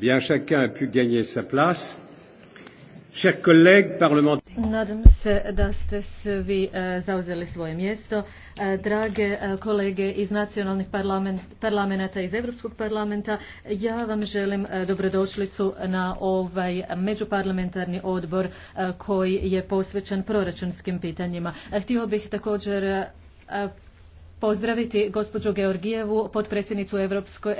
Bien, chacun a pu gagner sa place. Chers collègues parlementaires. Nadam se da ste svi eh, zauzeli svoje mjesto. Eh, drage eh, kolege iz nacionalnih parlament, parlamenta iz Europskog parlamenta, ja vam želim dobrodošlicu na ovaj međuparlamentarni odbor koji je posvećen proračunskim pitanjima. Htio bih također pozdraviti gospođu Georgijevu, potpredsjednicu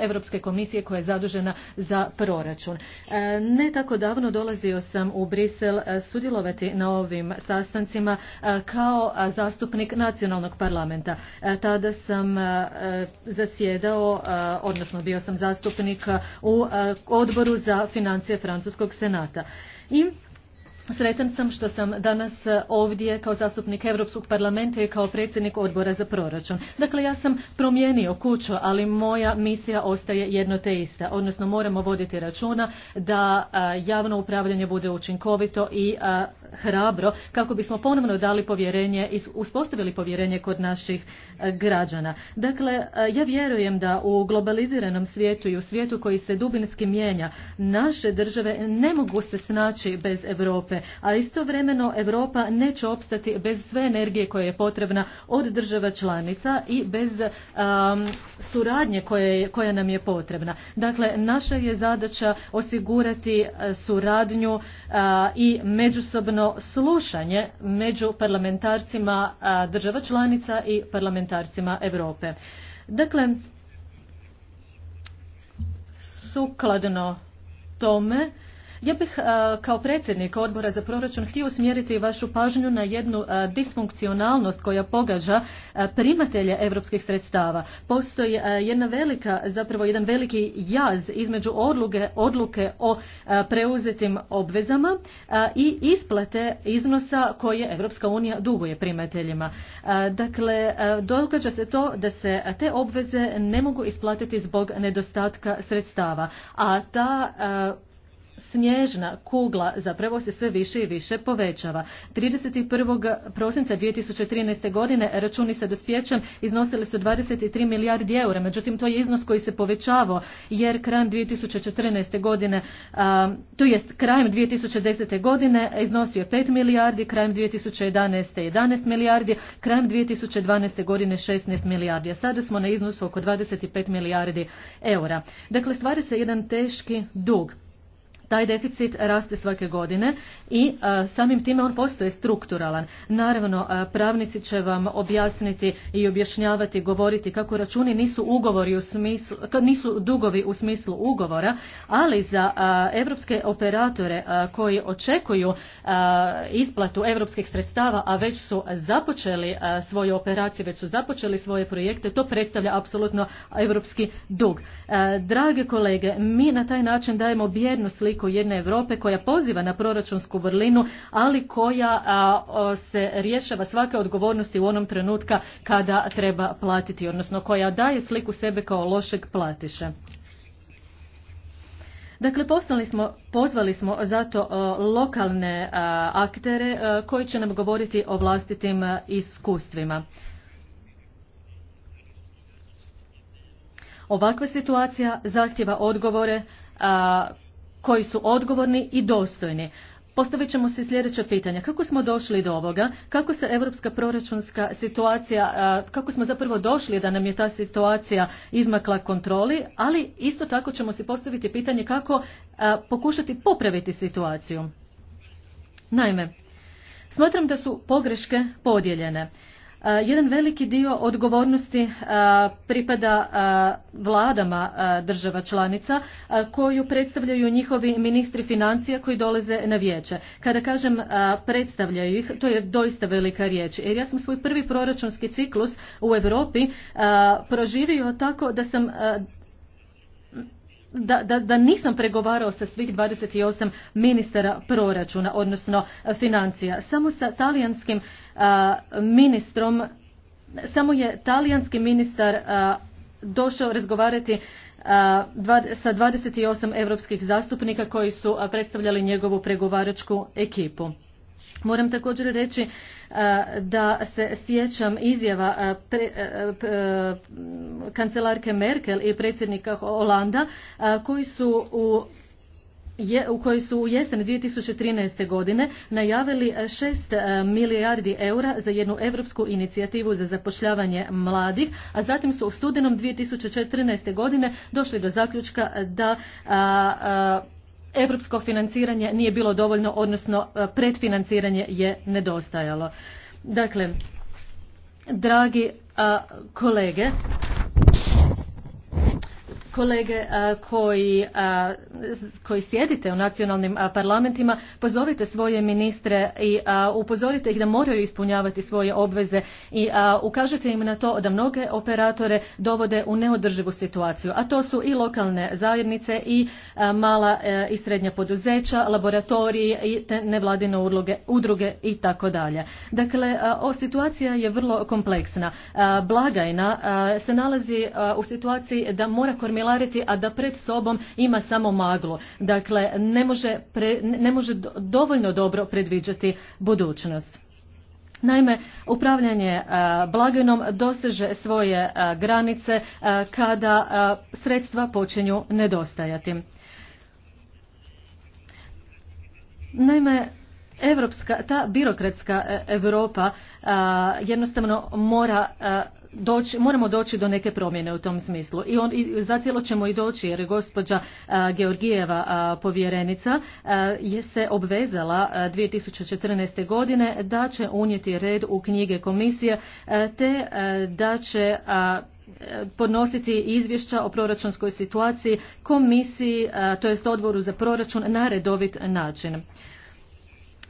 Europske komisije koja je zadužena za proračun. E, ne tako davno dolazio sam u Brisel e, sudjelovati na ovim sastancima e, kao zastupnik nacionalnog parlamenta. Tada sam zasjedao, odnosno bio sam zastupnik u odboru za financije Francuskog senata. I Sretan sam što sam danas e, ovdje kao zastupnik Europskog parlamenta i kao predsjednik odbora za proračun. Dakle, ja sam promijenio kuću, ali moja misija ostaje jedno te ista. Odnosno, moramo voditi računa da e, javno upravljanje bude učinkovito i e, hrabro kako bismo ponovno dali povjerenje i uspostavili povjerenje kod naših e, građana. Dakle, e, ja vjerujem da u globaliziranom svijetu i u svijetu koji se dubinski mijenja, naše države ne mogu se snaći bez Europe, a istovremeno Europa neće opstati bez sve energije koja je potrebna od država članica i bez suradnje koja nam je potrebna. Dakle, naša je zadaća osigurati e, suradnju i međusobno slušanje među parlamentarcima država članica i parlamentarcima Europe. Dakle, sukladno tome ja bih e, kao predsjednik odbora za proračun htio usmjeriti vašu pažnju na jednu e, disfunkcionalnost koja pogađa e, primatelje europskih sredstava. Postoji jedna velika, zapravo jedan veliki jaz između odluke, odluke o preuzetim obvezama i isplate iznosa koje Europska unija duguje primateljima. Dakle, događa se to da se te obveze ne mogu isplatiti zbog nedostatka sredstava, a ta snježna kugla zapravo se sve više i više povećava. 31. prosinca 2013. godine računi sa dospjećem iznosili su 23 milijardi eura, međutim to je iznos koji se povećavao jer krajem 2014. godine, to jest krajem 2010. godine iznosio je 5 milijardi, krajem 2011. 11 milijardi, krajem 2012. godine 16 milijardi, a sada smo na iznosu oko 25 milijardi eura. Dakle, stvari se jedan teški dug taj deficit raste svake godine i e, samim time on postoje strukturalan. Naravno, e, pravnici će vam objasniti i objašnjavati, govoriti kako računi nisu ugovori u smislu, nisu dugovi u smislu ugovora, ali za a, e, evropske operatore koji očekuju isplatu evropskih sredstava, a već su započeli svoje operacije, već su započeli svoje projekte, to predstavlja apsolutno evropski dug. Drage kolege, mi na taj način dajemo bjednu sliku politiku jedne Europe koja poziva na proračunsku vrlinu, ali koja se rješava svake odgovornosti u onom trenutka kada treba platiti, odnosno koja daje sliku sebe kao lošeg platiša. Dakle, postali smo, pozvali smo zato lokalne aktere koji će nam govoriti o vlastitim iskustvima. Ovakva situacija zahtjeva odgovore koji su odgovorni i dostojni. Postavit ćemo se sljedeća pitanja. Kako smo došli do ovoga? Kako se europska proračunska situacija, kako smo zapravo došli da nam je ta situacija izmakla kontroli, ali isto tako ćemo se postaviti pitanje kako pokušati popraviti situaciju. Naime, smatram da su pogreške podijeljene. Eh, jedan veliki dio odgovornosti eh, pripada eh, vladama država članica koju predstavljaju njihovi ministri financija koji dolaze na vijeće. Kada kažem predstavljaju ih, to je doista velika riječ. Jer ja sam svoj prvi proračunski ciklus u Europi proživio tako da sam da, da, da nisam pregovarao sa svih 28 ministara proračuna, odnosno financija. Samo sa talijanskim ministrom, samo je talijanski ministar došao razgovarati sa 28 europskih zastupnika koji su predstavljali njegovu pregovaračku ekipu. Moram također reći da se sjećam izjava kancelarke Merkel i predsjednika Holanda koji su u je, u kojoj su u jesen 2013. godine najavili 6 e, e, milijardi eura za jednu europsku inicijativu za zapošljavanje mladih, a zatim su u studenom 2014. godine došli do zaključka e, da a, europsko financiranje nije bilo dovoljno, odnosno predfinanciranje je nedostajalo. Dakle, dragi kolege, kolege koji, koji sjedite u nacionalnim parlamentima, pozovite svoje ministre i upozorite ih da moraju ispunjavati svoje obveze i ukažete im na to da mnoge operatore dovode u neodrživu situaciju, a to su i lokalne zajednice i mala e, i srednja poduzeća, laboratoriji i te nevladine udruge i tako dalje. Dakle, o, situacija je vrlo kompleksna. Blagajna se nalazi u situaciji da mora kormirati lariti, a da pred sobom ima samo maglu. Dakle, ne može, ne može dovoljno dobro predviđati budućnost. Naime, upravljanje e, blagajnom doseže svoje e, granice e, kada sredstva počinju nedostajati. Naime, evropska, ta birokratska Europa jednostavno mora doći, moramo doći do neke promjene u tom smislu. I, on, i zacijelo ćemo i doći jer je gospođa Georgijeva povjerenica a, je se obvezala 2014. godine da će unijeti red u knjige komisije te da će podnositi izvješća o proračunskoj situaciji komisiji, to jest odboru za proračun na redovit način.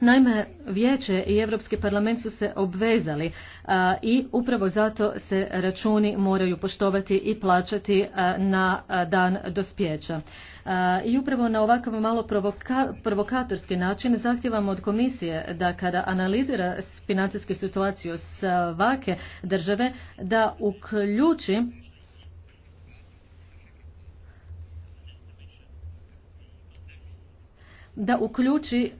Naime, Vijeće i Europski parlament su se obvezali i upravo zato se računi moraju poštovati i plaćati na dan dospjeća. I upravo na ovakav malo provoka, provokatorski način zahtjevamo od komisije da kada analizira financijsku situaciju svake države da uključi da uključi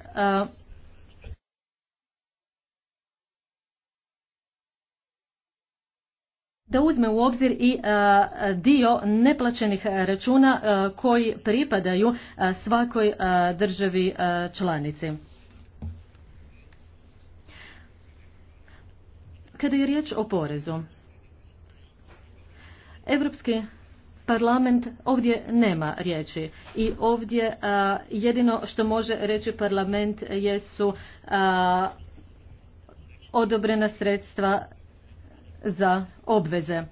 da uzme u obzir i e, dio neplaćenih računa e, koji pripadaju e, svakoj državi članici. Kada je riječ o porezu, Europski parlament ovdje nema riječi i ovdje jedino što može reći parlament jesu odobrena sredstva za obveze.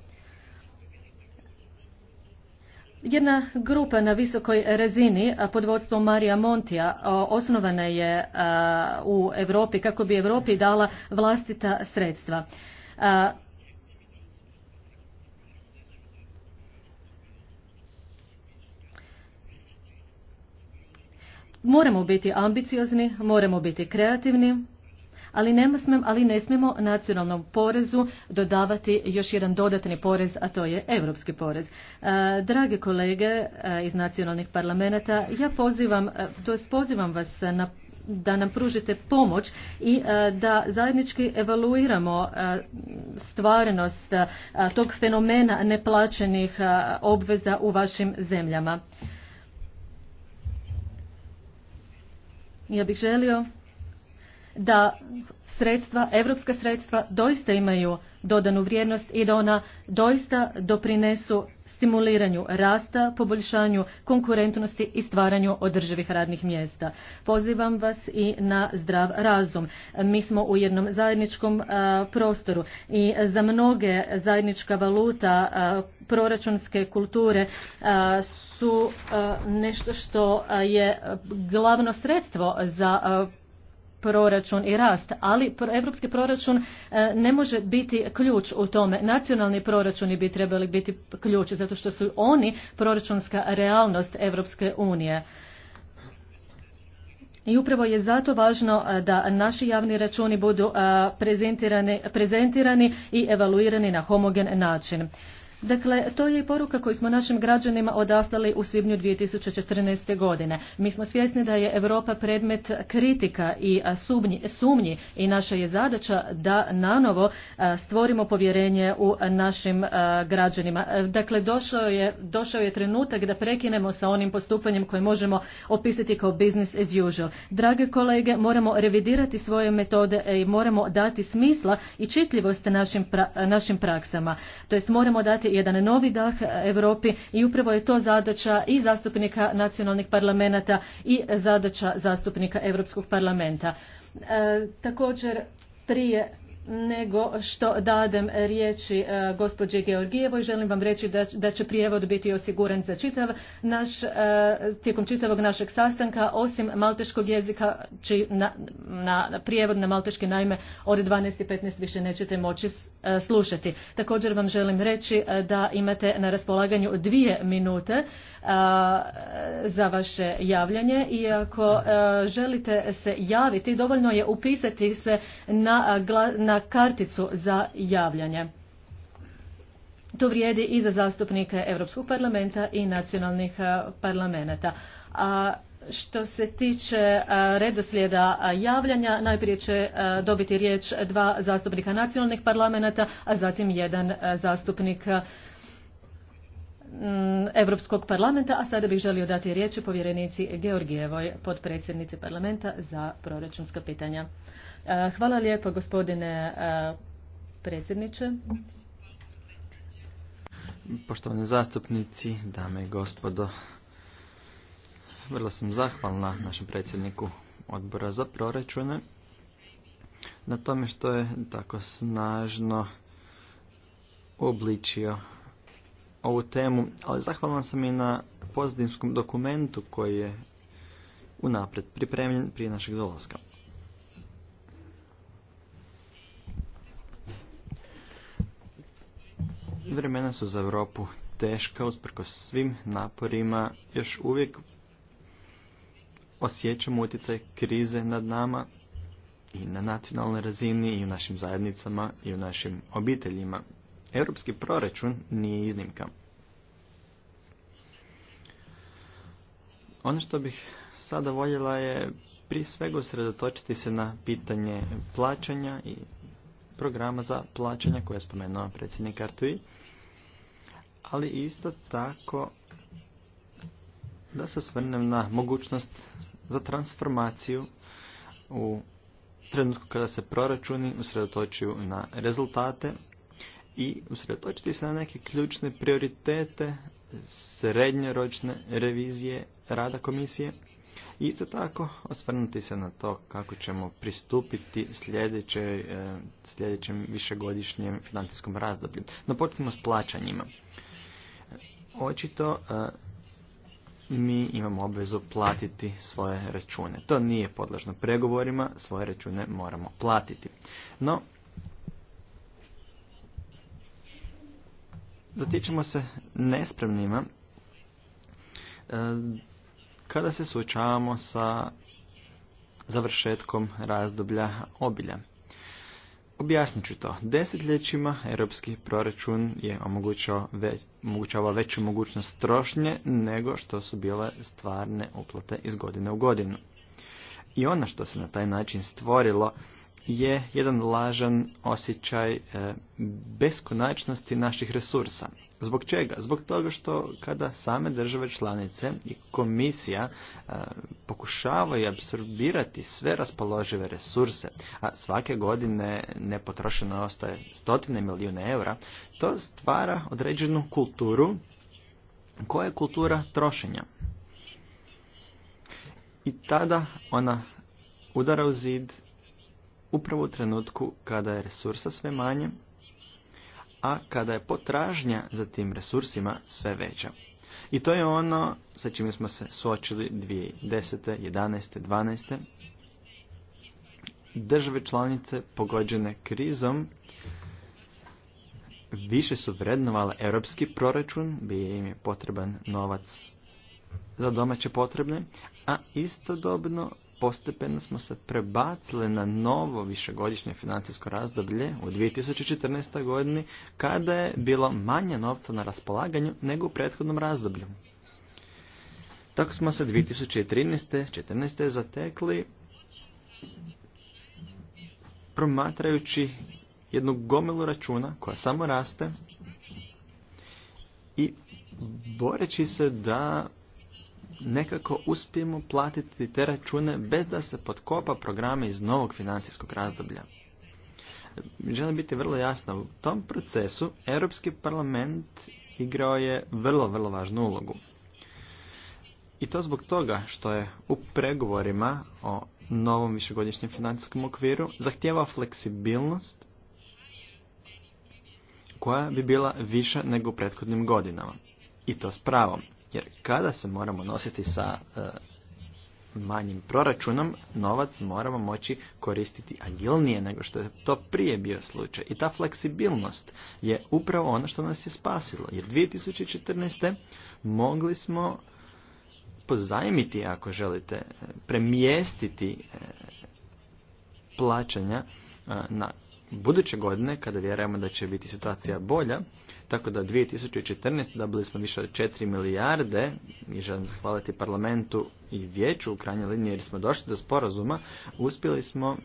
Jedna grupa na visokoj razini pod vodstvom Marija Montija osnovana je u Europi kako bi Europi dala vlastita sredstva. Moramo biti ambiciozni, moramo biti kreativni, ali ne, ali ne smijemo nacionalnom porezu dodavati još jedan dodatni porez, a to je europski porez. E, drage kolege e, iz nacionalnih parlamenta, ja pozivam, e, to jest pozivam vas na da nam pružite pomoć i da zajednički evaluiramo stvarnost tog fenomena neplaćenih obveza u vašim zemljama. Ja bih želio da sredstva, evropska sredstva doista imaju dodanu vrijednost i da ona doista doprinesu stimuliranju rasta, poboljšanju konkurentnosti i stvaranju održivih radnih mjesta. Pozivam vas i na zdrav razum. Mi smo u jednom zajedničkom prostoru i za mnoge zajednička valuta proračunske kulture su nešto što je glavno sredstvo za proračun i rast, ali europski proračun e, ne može biti ključ u tome. Nacionalni proračuni bi trebali biti ključ zato što su oni proračunska realnost Europske unije. I upravo je zato važno e, da naši javni računi budu e, prezentirani i evaluirani na homogen način. Dakle, to je i poruka koju smo našim građanima odaslali u svibnju 2014. godine. Mi smo svjesni da je Europa predmet kritika i sumnji, i naša je zadaća da nanovo stvorimo povjerenje u našim građanima. E, dakle, došao je, je trenutak da prekinemo sa onim postupanjem koje možemo opisati kao business as usual. Drage kolege, moramo revidirati svoje metode e, i moramo dati smisla i čitljivost našim, našim praksama. To jest moramo dati jedan novi dah Europi i upravo je to zadaća i zastupnika nacionalnih parlamenta i zadaća zastupnika Europskog parlamenta. E, također prije nego što dadem riječi e, gospođi Georgijevoj. i želim vam reći da, će prijevod biti osiguran za čitav naš, e, tijekom čitavog našeg sastanka, osim malteškog jezika, či na, prijevod na malteški naime od 12.15. i više nećete moći e, slušati. Također vam želim reći da imate na raspolaganju dvije minute za vaše javljanje i ako želite se javiti, dovoljno je upisati se na, na na karticu za javljanje. To vrijedi i za zastupnike Europskog parlamenta i nacionalnih e, parlamenta. A što se tiče e, redoslijeda javljanja, najprije će e, dobiti riječ dva zastupnika nacionalnih parlamenta, a zatim jedan zastupnik Europskog parlamenta, a sada bih želio dati riječ povjerenici Georgijevoj, podpredsjednici parlamenta za proračunska pitanja. E, hvala lijepo gospodine e, predsjedniče. Poštovani zastupnici, dame i gospodo, vrlo sam zahvalna našem predsjedniku odbora za proračune na tome što je tako snažno obličio ovu temu, ali zahvalan sam i na pozadinskom dokumentu koji je unapred pripremljen prije našeg dolaska. Vremena su za Europu teška, usprko svim naporima, još uvijek osjećamo utjecaj krize nad nama i na nacionalnoj razini i u našim zajednicama i u našim obiteljima. Europski proračun nije iznimka. Ono što bih sada voljela je prije svega usredotočiti se na pitanje plaćanja i programa za plaćanja koje je spomenuo predsjednik Artui, ali isto tako da se osvrnem na mogućnost za transformaciju u trenutku kada se proračuni usredotočuju na rezultate i usredotočiti se na neke ključne prioritete srednjoročne revizije rada komisije Isto tako, osvrnuti se na to kako ćemo pristupiti e, sljedećem, višegodišnjem financijskom razdoblju. No počnemo s plaćanjima. Očito e, mi imamo obvezu platiti svoje račune. To nije podložno pregovorima, svoje račune moramo platiti. No, zatičemo se nespremnima e, kada se suočavamo sa završetkom razdoblja obilja. Objasnit ću to. Desetljećima europski proračun je već, veću mogućnost trošnje nego što su bile stvarne uplate iz godine u godinu. I ono što se na taj način stvorilo je jedan lažan osjećaj e, beskonačnosti naših resursa. Zbog čega? Zbog toga što kada same države članice i komisija e, pokušavaju apsorbirati sve raspoložive resurse, a svake godine nepotrošeno ostaje stotine milijuna eura, to stvara određenu kulturu koja je kultura trošenja. I tada ona udara u zid upravo u trenutku kada je resursa sve manje, a kada je potražnja za tim resursima sve veća. I to je ono sa čime smo se suočili 2010. 11. 12. Države članice pogođene krizom više su vrednovale europski proračun, bi im je potreban novac za domaće potrebne, a istodobno postepeno smo se prebacili na novo višegodišnje financijsko razdoblje u 2014. godini kada je bilo manje novca na raspolaganju nego u prethodnom razdoblju. Tako smo se 2013. 14. zatekli promatrajući jednu gomilu računa koja samo raste i boreći se da nekako uspijemo platiti te račune bez da se podkopa programe iz novog financijskog razdoblja. Želim biti vrlo jasna, u tom procesu Europski parlament igrao je vrlo, vrlo važnu ulogu. I to zbog toga što je u pregovorima o novom višegodišnjem financijskom okviru zahtjeva fleksibilnost koja bi bila viša nego u prethodnim godinama. I to s pravom. Jer kada se moramo nositi sa e, manjim proračunom, novac moramo moći koristiti agilnije nego što je to prije bio slučaj. I ta fleksibilnost je upravo ono što nas je spasilo. Jer 2014. mogli smo pozajmiti, ako želite, premjestiti e, plaćanja e, na buduće godine, kada vjerujemo da će biti situacija bolja, tako da 2014. dobili smo više od 4 milijarde i želim zahvaliti parlamentu i vijeću u krajnjoj liniji jer smo došli do sporazuma. Uspjeli smo,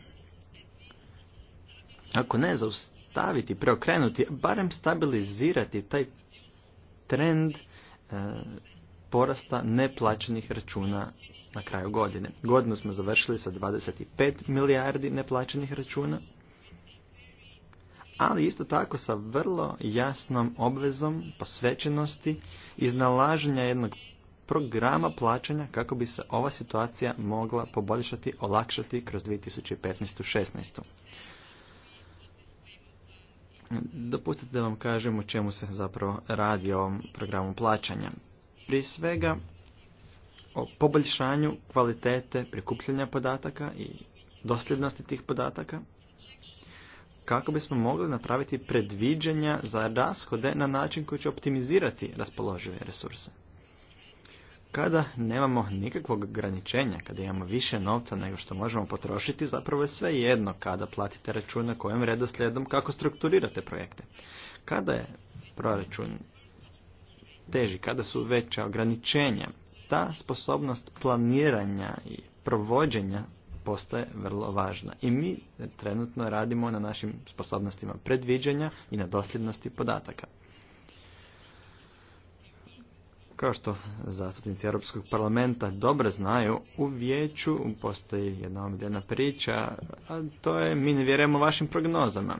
ako ne zaustaviti, preokrenuti, barem stabilizirati taj trend e, porasta neplaćenih računa na kraju godine. Godinu smo završili sa 25 milijardi neplaćenih računa ali isto tako sa vrlo jasnom obvezom posvećenosti iznalaženja jednog programa plaćanja kako bi se ova situacija mogla poboljšati, olakšati kroz 2015-16. Dopustite da vam kažem o čemu se zapravo radi o ovom programu plaćanja. Prije svega o poboljšanju kvalitete prikupljanja podataka i dosljednosti tih podataka, kako bismo mogli napraviti predviđanja za rashode na način koji će optimizirati raspoložive resurse. Kada nemamo nikakvog ograničenja, kada imamo više novca nego što možemo potrošiti, zapravo je sve jedno kada platite račune, kojem redoslijedom, kako strukturirate projekte. Kada je proračun teži, kada su veća ograničenja, ta sposobnost planiranja i provođenja postaje vrlo važna. I mi trenutno radimo na našim sposobnostima predviđanja i na dosljednosti podataka. Kao što zastupnici Europskog parlamenta dobro znaju, u vijeću postoji jedna omiljena priča, a to je mi ne vjerujemo vašim prognozama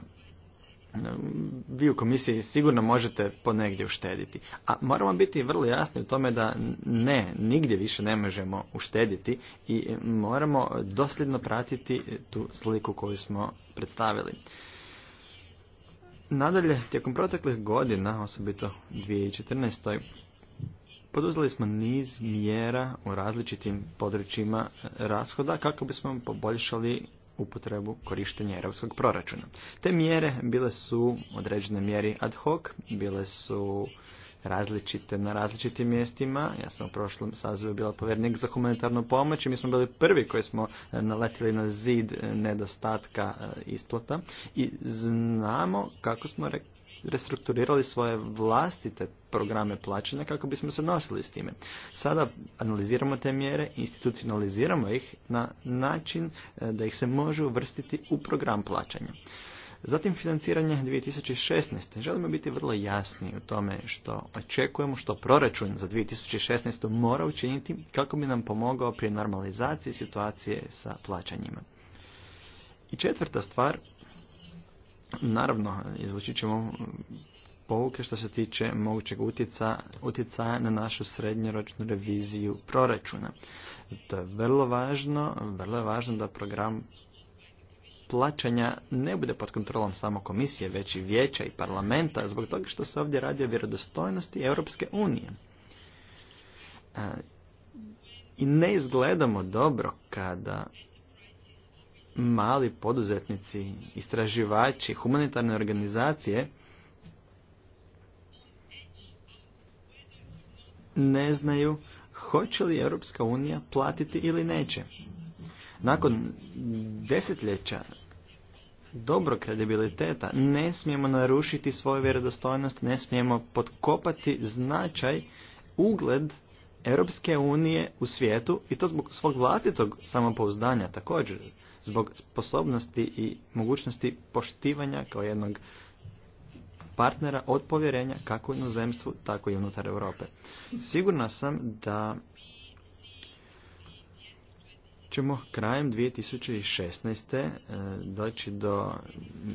vi u komisiji sigurno možete ponegdje uštediti. A moramo biti vrlo jasni u tome da ne, nigdje više ne možemo uštediti i moramo dosljedno pratiti tu sliku koju smo predstavili. Nadalje, tijekom proteklih godina, osobito 2014. poduzeli smo niz mjera u različitim područjima e, rashoda kako bismo poboljšali upotrebu korištenja europskog proračuna. Te mjere bile su određene mjeri ad hoc, bile su različite na različitim mjestima. Ja sam u prošlom sazivu bila povjernik za humanitarnu pomoć i mi smo bili prvi koji smo naletili na zid nedostatka e, isplata i znamo kako smo restrukturirali svoje vlastite programe plaćanja kako bismo se nosili s time. Sada analiziramo te mjere, institucionaliziramo ih na način e, da ih se može uvrstiti u program plaćanja. Zatim financiranje 2016. Želimo biti vrlo jasni u tome što očekujemo što proračun za 2016. mora učiniti kako bi nam pomogao pri normalizaciji situacije sa plaćanjima. I četvrta stvar, Naravno, izvući ćemo pouke što se tiče mogućeg utjecaja na našu srednjoročnu reviziju proračuna. To je vrlo važno, vrlo je važno da program plaćanja ne bude pod kontrolom samo komisije, već i vijeća i parlamenta, zbog toga što se ovdje radi o vjerodostojnosti Europske unije. E, I ne izgledamo dobro kada mali poduzetnici, istraživači, humanitarne organizacije ne znaju hoće li Europska unija platiti ili neće. Nakon desetljeća dobrog kredibiliteta ne smijemo narušiti svoju vjerodostojnost, ne smijemo potkopati značaj, ugled Europske unije u svijetu i to zbog svog vlastitog samopouzdanja također zbog sposobnosti i mogućnosti poštivanja kao jednog partnera od povjerenja kako u zemstvu, tako i unutar Europe. Sigurna sam da ćemo krajem 2016. E, doći do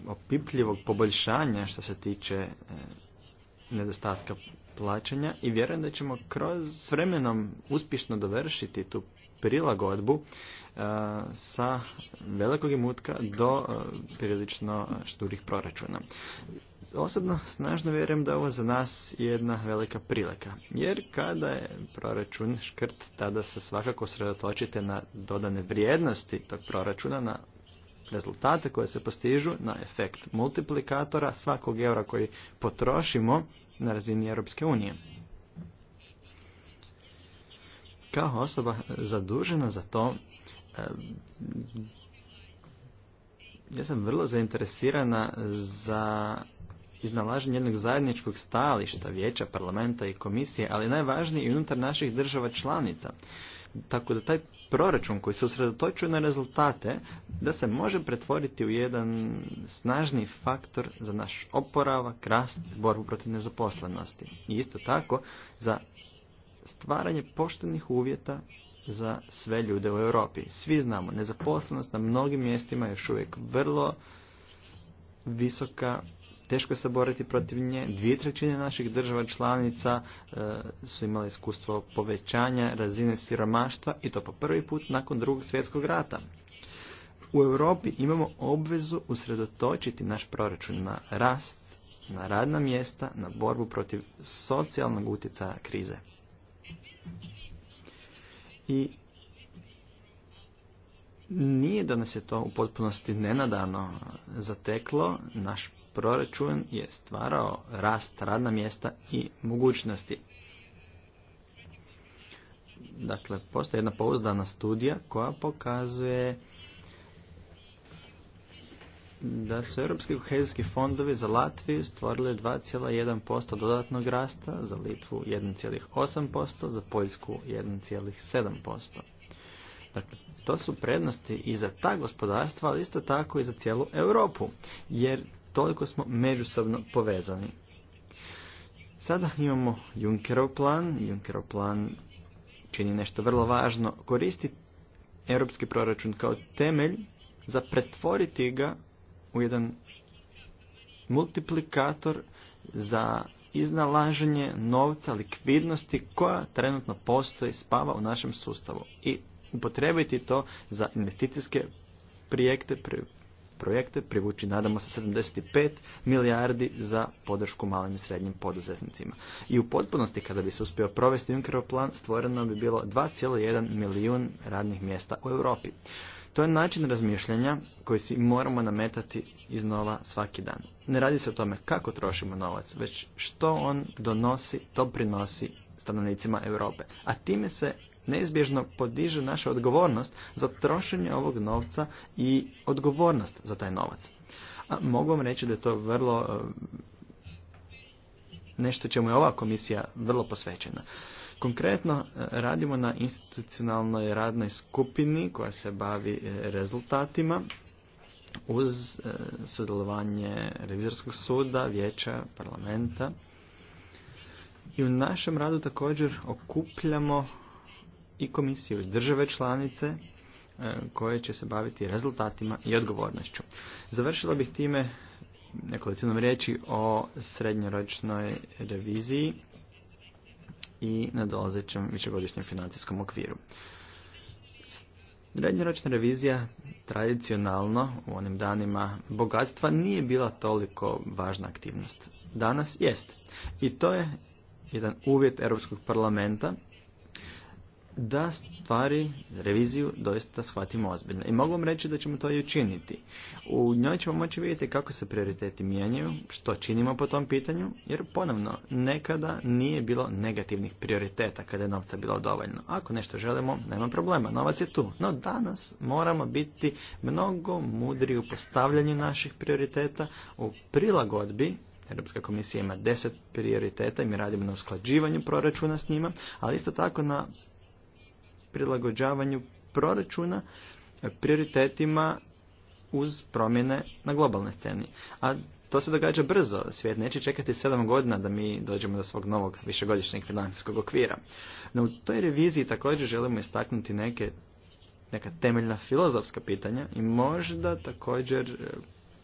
opipljivog poboljšanja što se tiče e, nedostatka plaćanja i vjerujem da ćemo kroz vremenom uspješno dovršiti tu prilagodbu E, sa velikog imutka do e, prilično šturih proračuna. Osobno snažno vjerujem da ovo za nas jedna velika prilika, jer kada je proračun škrt, tada se svakako sredotočite na dodane vrijednosti tog proračuna, na rezultate koje se postižu, na efekt multiplikatora svakog eura koji potrošimo na razini Europske unije. Kao osoba zadužena za to, ja sam vrlo zainteresirana za iznalaženje jednog zajedničkog stajališta vijeća, parlamenta i komisije, ali najvažnije i unutar naših država članica. Tako da taj proračun koji se usredotočuje na rezultate, da se može pretvoriti u jedan snažni faktor za naš oporavak, rast, borbu protiv nezaposlenosti. I isto tako za stvaranje poštenih uvjeta za sve ljude u Europi. Svi znamo, nezaposlenost na mnogim mjestima je još uvijek vrlo visoka, teško je se boriti protiv nje. Dvije trećine naših država članica e, su imale iskustvo povećanja razine siromaštva i to po prvi put nakon drugog svjetskog rata. U Europi imamo obvezu usredotočiti naš proračun na rast, na radna mjesta, na borbu protiv socijalnog utjecaja krize. I nije da nas je to u potpunosti nenadano zateklo. Naš proračun je stvarao rast radna mjesta i mogućnosti. Dakle, postoji jedna pouzdana studija koja pokazuje da su europski kohezijski fondovi za Latviju stvorili 2,1% dodatnog rasta, za Litvu 1,8%, za Poljsku 1,7%. Dakle, to su prednosti i za ta gospodarstva, ali isto tako i za cijelu Europu, jer toliko smo međusobno povezani. Sada imamo Junckerov plan. Junckerov plan čini nešto vrlo važno. Koristi europski proračun kao temelj za pretvoriti ga u jedan multiplikator za iznalaženje novca, likvidnosti koja trenutno postoji, spava u našem sustavu i upotrebiti to za investicijske projekte, projekte privući nadamo se 75 milijardi za podršku malim i srednjim poduzetnicima. I u potpunosti kada bi se uspio provesti Junckerov plan stvoreno bi bilo 2,1 milijun radnih mjesta u Europi. To je način razmišljanja koji si moramo nametati iznova svaki dan. Ne radi se o tome kako trošimo novac, već što on donosi, to prinosi stanovnicima Europe. A time se neizbježno podiže naša odgovornost za trošenje ovog novca i odgovornost za taj novac. A mogu vam reći da je to vrlo e, nešto čemu je ova komisija vrlo posvećena. Konkretno e, radimo na institucionalnoj radnoj skupini koja se bavi e, rezultatima uz e, sudjelovanje revizorskog suda, vijeća, parlamenta. I u našem radu također okupljamo i komisiju i države članice koje će se baviti rezultatima i odgovornošću. Završila bih time nekolicinom riječi o srednjoročnoj reviziji i na dolazećem višegodišnjem financijskom okviru. Srednjoročna revizija tradicionalno u onim danima bogatstva nije bila toliko važna aktivnost. Danas jest. I to je jedan uvjet Europskog parlamenta da stvari, reviziju doista shvatimo ozbiljno. I mogu vam reći da ćemo to i učiniti. U njoj ćemo moći vidjeti kako se prioriteti mijenjaju, što činimo po tom pitanju, jer ponovno, nekada nije bilo negativnih prioriteta kada je novca bilo dovoljno. Ako nešto želimo, nema problema, novac je tu. No danas moramo biti mnogo mudri u postavljanju naših prioriteta, u prilagodbi Europska komisija ima deset prioriteta i mi radimo na usklađivanju proračuna s njima, ali isto tako na prilagođavanju proračuna prioritetima uz promjene na globalnoj sceni. A to se događa brzo. Svijet neće čekati sedam godina da mi dođemo do svog novog višegodišnjeg financijskog okvira. No u toj reviziji također želimo istaknuti neke, neka temeljna filozofska pitanja i možda također e,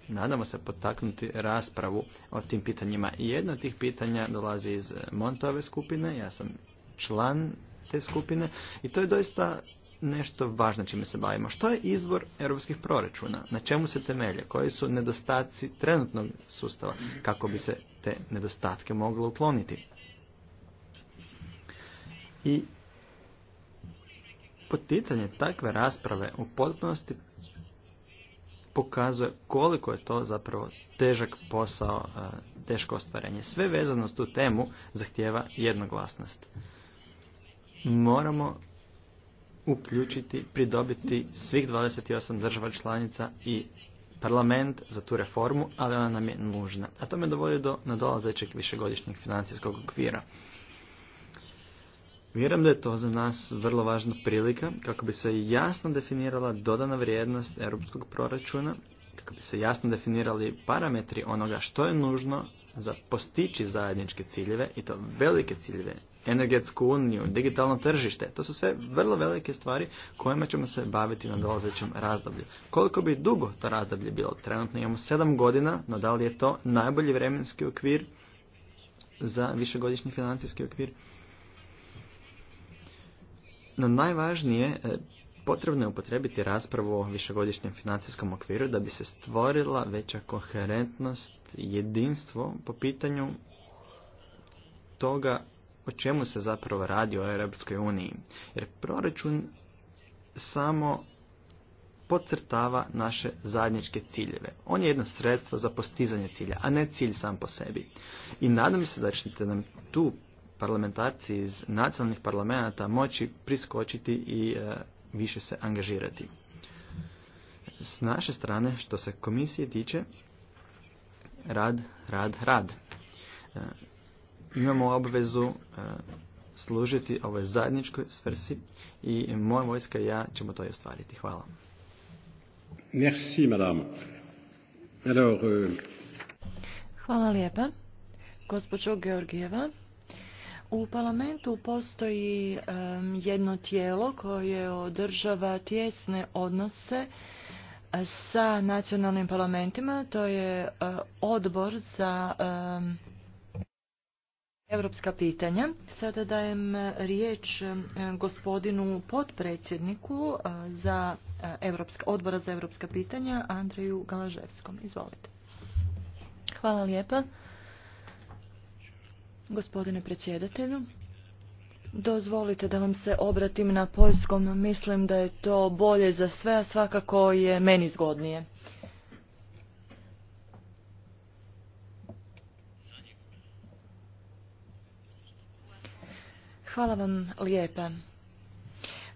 nadamo se potaknuti raspravu o tim pitanjima. I jedno od tih pitanja dolazi iz Montove skupine. Ja sam član te skupine i to je doista nešto važno čime se bavimo. Što je izvor europskih proračuna? Na čemu se temelje? Koji su nedostaci trenutnog sustava? Kako bi se te nedostatke moglo ukloniti? I poticanje takve rasprave u potpunosti pokazuje koliko je to zapravo težak posao, e, teško ostvarenje. Sve vezano s tu temu zahtjeva jednoglasnost moramo uključiti, pridobiti svih 28 država članica i parlament za tu reformu, ali ona nam je nužna. A to me dovodi do nadolazećeg višegodišnjeg financijskog okvira. Vjerujem da je to za nas vrlo važna prilika kako bi se jasno definirala dodana vrijednost europskog proračuna, kako bi se jasno definirali parametri onoga što je nužno za postići zajedničke ciljeve i to velike ciljeve energetsku uniju, digitalno tržište. To su sve vrlo velike stvari kojima ćemo se baviti na dolazećem razdoblju. Koliko bi dugo to razdoblje bilo? Trenutno imamo sedam godina, no da li je to najbolji vremenski okvir za višegodišnji financijski okvir? No najvažnije, e, potrebno je upotrebiti raspravu o višegodišnjem financijskom okviru da bi se stvorila veća koherentnost, jedinstvo po pitanju toga o čemu se zapravo radi o Europskoj uniji. Jer proračun samo podcrtava naše zajedničke ciljeve. On je jedno sredstvo za postizanje cilja, a ne cilj sam po sebi. I nadam se da ćete nam tu parlamentarci iz nacionalnih parlamenta moći priskočiti i e, više se angažirati. S naše strane, što se komisije tiče, rad, rad, rad. E, imamo obvezu e, služiti ovoj zajedničkoj svrsi i moja vojska i ja ćemo to i ostvariti. Hvala. Merci, madame. Alors, euh... Hvala lijepa. Gospođo Georgijeva, u parlamentu postoji jedno tijelo koje održava tjesne odnose e, sa nacionalnim parlamentima, to je e, odbor za Europska pitanja. Sada dajem e, riječ e, gospodinu potpredsjedniku e, za Evropska, odbora za europska pitanja, Andreju Galaževskom. Izvolite. Hvala lijepa. Gospodine predsjedatelju, Dozvolite da vam se obratim na poljskom, mislim da je to bolje za sve, a svakako je meni zgodnije. Hvala vam lijepa.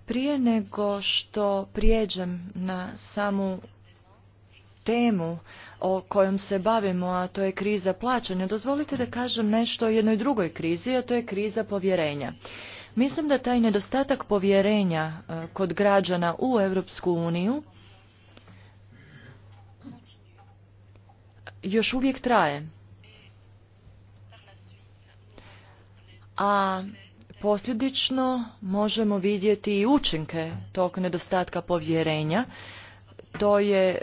Prije nego što prijeđem na samu temu o kojom se bavimo, a to je kriza plaćanja, dozvolite da kažem nešto o jednoj drugoj krizi, a to je kriza povjerenja. Mislim da taj nedostatak povjerenja e, kod građana u Europsku uniju još uvijek traje. A Posljedično možemo vidjeti i učinke tog nedostatka povjerenja. To je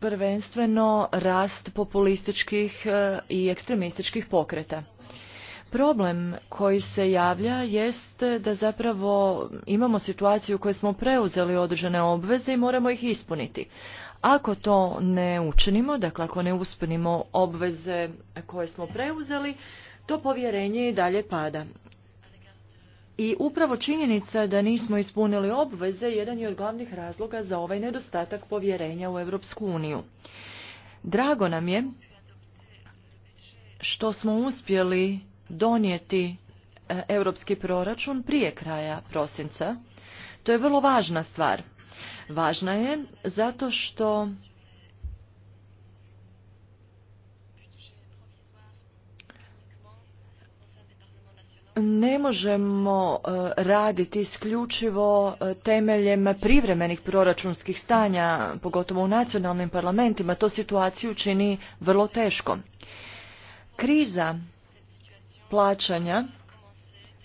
prvenstveno rast populističkih e, i ekstremističkih pokreta. Problem koji se javlja jest da zapravo imamo situaciju u kojoj smo preuzeli određene obveze i moramo ih ispuniti. Ako to ne učinimo, dakle ako ne uspunimo obveze koje smo preuzeli, to povjerenje i dalje pada. I upravo činjenica da nismo ispunili obveze jedan je od glavnih razloga za ovaj nedostatak povjerenja u Europsku uniju. Drago nam je što smo uspjeli donijeti e, europski proračun prije kraja prosinca. To je vrlo važna stvar. Važna je zato što ne možemo e, raditi isključivo e, temeljem privremenih proračunskih stanja, pogotovo u nacionalnim parlamentima. To situaciju čini vrlo teško. Kriza plaćanja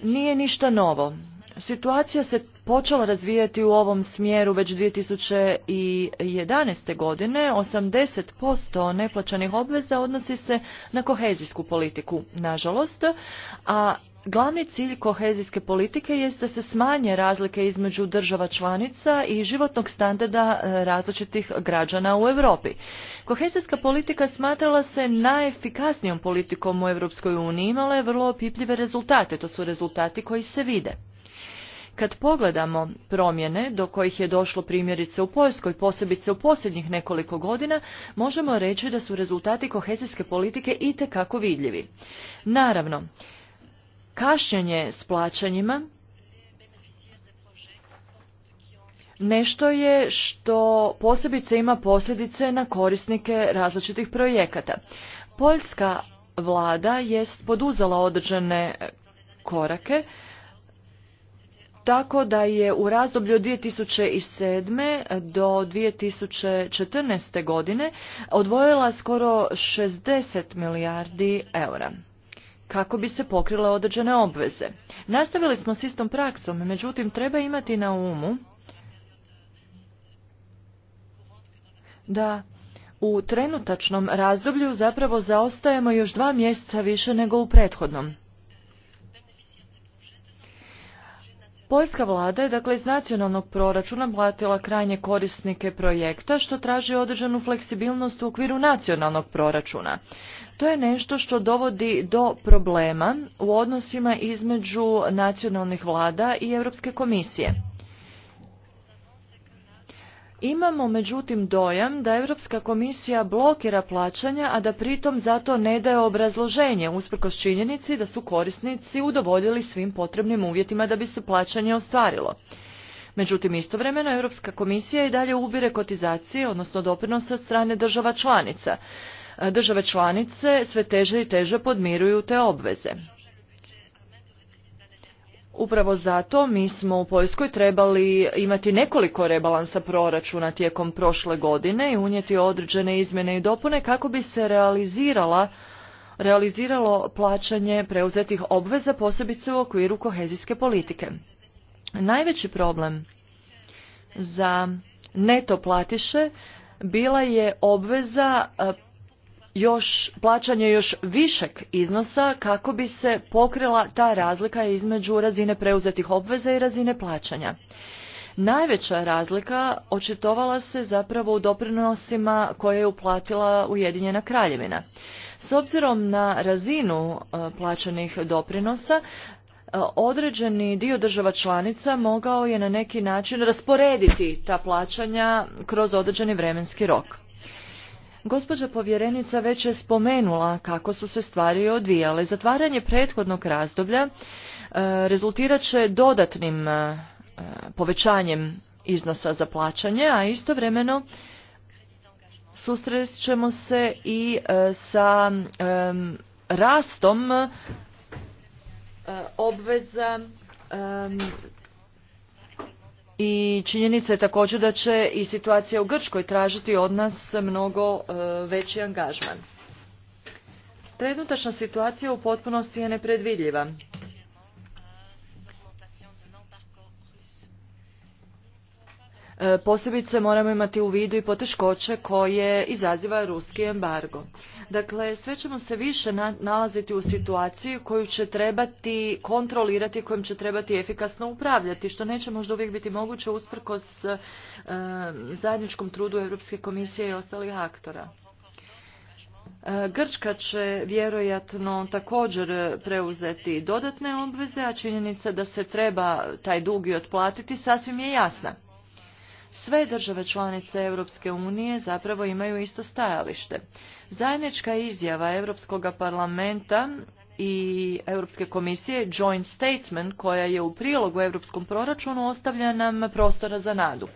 nije ništa novo. Situacija se počela razvijati u ovom smjeru već 2011. godine. 80% neplaćanih obveza odnosi se na kohezijsku politiku, nažalost, a Glavni cilj kohezijske politike jest da se smanje razlike između država članica i životnog standarda e, različitih građana u Europi. Kohezijska politika smatrala se najefikasnijom politikom u Europskoj uniji, imala je vrlo opipljive rezultate, to su rezultati koji se vide. Kad pogledamo promjene do kojih je došlo primjerice u Poljskoj, posebice u posljednjih nekoliko godina, možemo reći da su rezultati kohezijske politike i itekako vidljivi. Naravno, kašnjenje s plaćanjima nešto je što posebice ima posljedice na korisnike različitih projekata. Poljska vlada je poduzela određene korake tako da je u razdoblju od 2007. do 2014. godine odvojila skoro 60 milijardi eura kako bi se pokrile određene obveze. Nastavili smo s istom praksom, međutim treba imati na umu da u trenutačnom razdoblju zapravo zaostajemo još dva mjeseca više nego u prethodnom. Poljska vlada je dakle iz nacionalnog proračuna platila krajnje korisnike projekta što traži određenu fleksibilnost u okviru nacionalnog proračuna. To je nešto što dovodi do problema u odnosima između nacionalnih vlada i Europske komisije. Imamo međutim dojam da Europska komisija blokira plaćanja, a da pritom zato ne daje obrazloženje, usprkos činjenici da su korisnici udovoljili svim potrebnim uvjetima da bi se plaćanje ostvarilo. Međutim, istovremeno Europska komisija i dalje ubire kotizacije, odnosno doprinose od strane država članica. Države članice sve teže i teže podmiruju te obveze. Upravo zato mi smo u Poljskoj trebali imati nekoliko rebalansa proračuna tijekom prošle godine i unijeti određene izmjene i dopune kako bi se realizirala realiziralo plaćanje preuzetih obveza posebice u okviru kohezijske politike. Najveći problem za neto platiše bila je obveza još plaćanje još višeg iznosa kako bi se pokrila ta razlika između razine preuzetih obveza i razine plaćanja. Najveća razlika očitovala se zapravo u doprinosima koje je uplatila Ujedinjena kraljevina. S obzirom na razinu e, plaćenih doprinosa, e, određeni dio država članica mogao je na neki način rasporediti ta plaćanja kroz određeni vremenski rok. Gospođa povjerenica već je spomenula kako su se stvari odvijale. Zatvaranje prethodnog razdoblja e, rezultirat će dodatnim e, povećanjem iznosa za plaćanje, a istovremeno susrećemo se i e, sa rastom obveza i činjenica je također da će i situacija u Grčkoj tražiti od nas mnogo e, veći angažman. Trenutačna situacija u potpunosti je nepredvidljiva. E, posebice moramo imati u vidu i poteškoće koje izaziva ruski embargo. Dakle, sve ćemo se više nalaziti u situaciji koju će trebati kontrolirati, kojom će trebati efikasno upravljati, što neće možda uvijek biti moguće usprkos s e, zajedničkom trudu Europske komisije i ostalih aktora. E, Grčka će vjerojatno također preuzeti dodatne obveze, a činjenica da se treba taj dug i otplatiti sasvim je jasna. Sve države članice Europske unije zapravo imaju isto stajalište. Zajednička izjava Europskog parlamenta i Europske komisije Joint Statement koja je u prilogu europskom proračunu ostavlja nam prostora za nadu.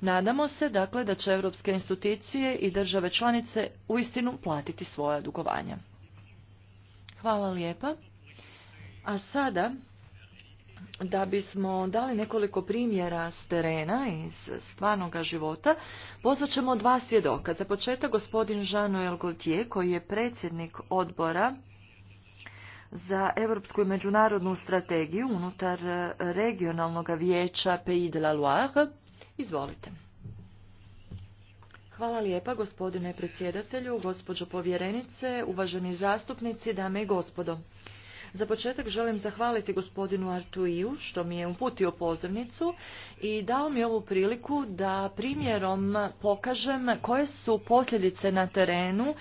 Nadamo se dakle da će europske institucije i države članice uistinu platiti svoja dugovanja. Hvala lijepa. A sada da bismo dali nekoliko primjera s terena iz stvarnog života, pozvat ćemo dva svjedoka. Za početak gospodin Jean-Noël Gaultier, koji je predsjednik odbora za europsku i međunarodnu strategiju unutar regionalnog vijeća Pays de la Loire. Izvolite. Hvala lijepa gospodine predsjedatelju, gospođo povjerenice, uvaženi zastupnici, dame i gospodo. Za početak želim zahvaliti gospodinu Artuiju što mi je uputio pozivnicu i dao mi ovu priliku da primjerom pokažem koje su posljedice na terenu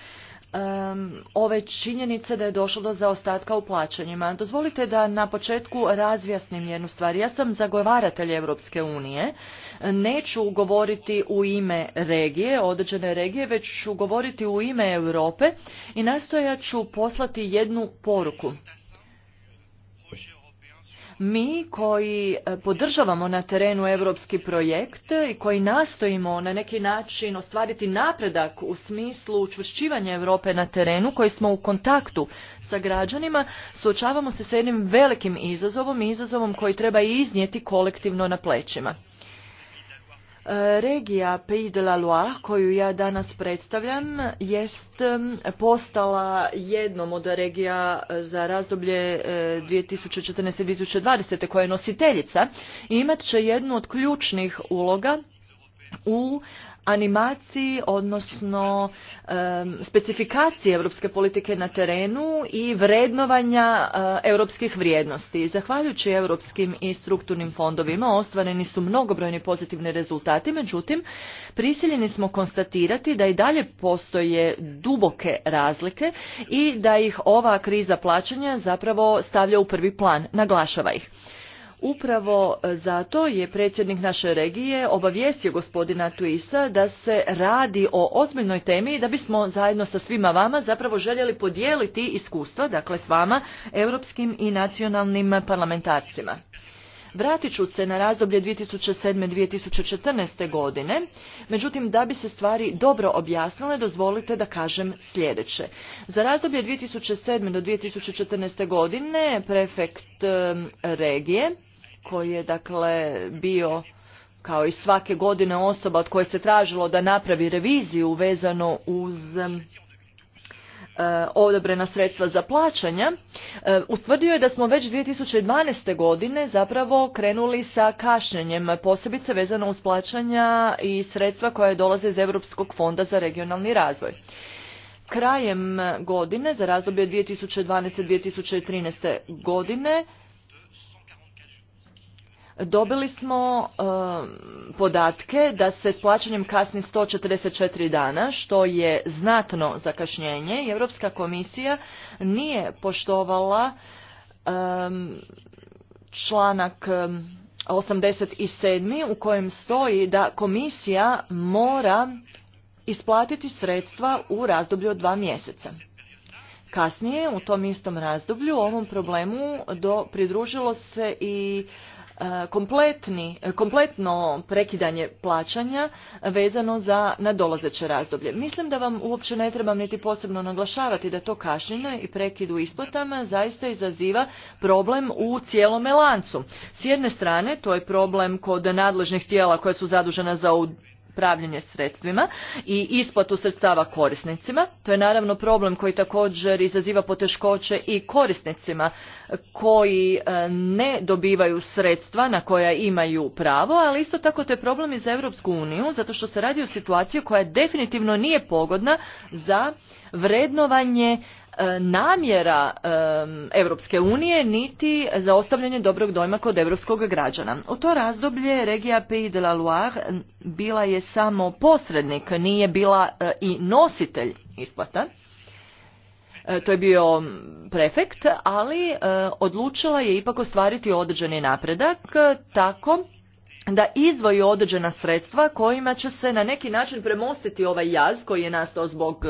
ove činjenice da je došlo do zaostatka u plaćanjima. Dozvolite da na početku razjasnim jednu stvar. Ja sam zagovaratelj Europske unije. Neću govoriti u ime regije, određene regije, već ću govoriti u ime Europe i nastojat ću poslati jednu poruku mi koji e, podržavamo na terenu europski projekt i koji nastojimo na neki način ostvariti napredak u smislu učvršćivanja Europe na terenu, koji smo u kontaktu sa građanima, suočavamo se s jednim velikim izazovom i izazovom koji treba iznijeti kolektivno na plećima. E, regija Pays de la Loire koju ja danas predstavljam jest postala jednom od regija e, za razdoblje 2014-2020 e, koja je nositeljica i imat će jednu od ključnih uloga u animaciji, odnosno specifikaciji europske politike na terenu i vrednovanja europskih vrijednosti. Zahvaljujući europskim i strukturnim fondovima ostvareni su mnogobrojni pozitivni rezultati, međutim prisiljeni smo konstatirati da i dalje postoje duboke razlike i da ih ova kriza plaćanja zapravo stavlja u prvi plan, naglašava ih. Upravo e, zato je predsjednik naše regije obavijestio gospodina Tuisa da se radi o ozbiljnoj temi i da bismo zajedno sa svima vama zapravo željeli podijeliti iskustva, dakle s vama, europskim i nacionalnim parlamentarcima. Vratit ću se na razdoblje 2007-2014. godine, međutim da bi se stvari dobro objasnile, dozvolite da kažem sljedeće. Za razdoblje 2007 do 2014. godine prefekt regije koji je dakle bio kao i svake godine osoba od koje se tražilo da napravi reviziju vezano uz e, odobrena sredstva za plaćanja, e, utvrdio je da smo već 2012. godine zapravo krenuli sa kašnjenjem, posebice vezano uz plaćanja i sredstva koja dolaze iz Europskog fonda za regionalni razvoj. Krajem godine, za razdoblje 2012. 2013. godine, dobili smo e, podatke da se s plaćanjem kasni 144 dana, što je znatno zakašnjenje Evropska Europska komisija nije poštovala e, članak 87. E, u kojem stoji da komisija mora isplatiti sredstva u razdoblju od dva mjeseca. Kasnije, u tom istom razdoblju, ovom problemu do, pridružilo se i kompletni, kompletno prekidanje plaćanja vezano za nadolazeće razdoblje. Mislim da vam uopće ne trebam niti posebno naglašavati da to kašnjenje i prekid u isplatama zaista izaziva problem u cijelome lancu. S jedne strane to je problem kod nadležnih tijela koja su zadužena za upravljanje sredstvima i isplatu sredstava korisnicima. To je naravno problem koji također izaziva poteškoće i korisnicima koji e, ne dobivaju sredstva na koja imaju pravo, ali isto tako to je problem i za Europsku uniju, zato što se radi o situaciji koja definitivno nije pogodna za vrednovanje E, namjera Europske unije niti za ostavljanje dobrog dojma kod europskog građana. U to razdoblje regija Pays de la Loire bila je samo posrednik, nije bila e, i nositelj isplata. E, to je bio prefekt, ali odlučila je ipak ostvariti određeni napredak tako da izvoju određena sredstva kojima će se na neki način premostiti ovaj jaz koji je nastao zbog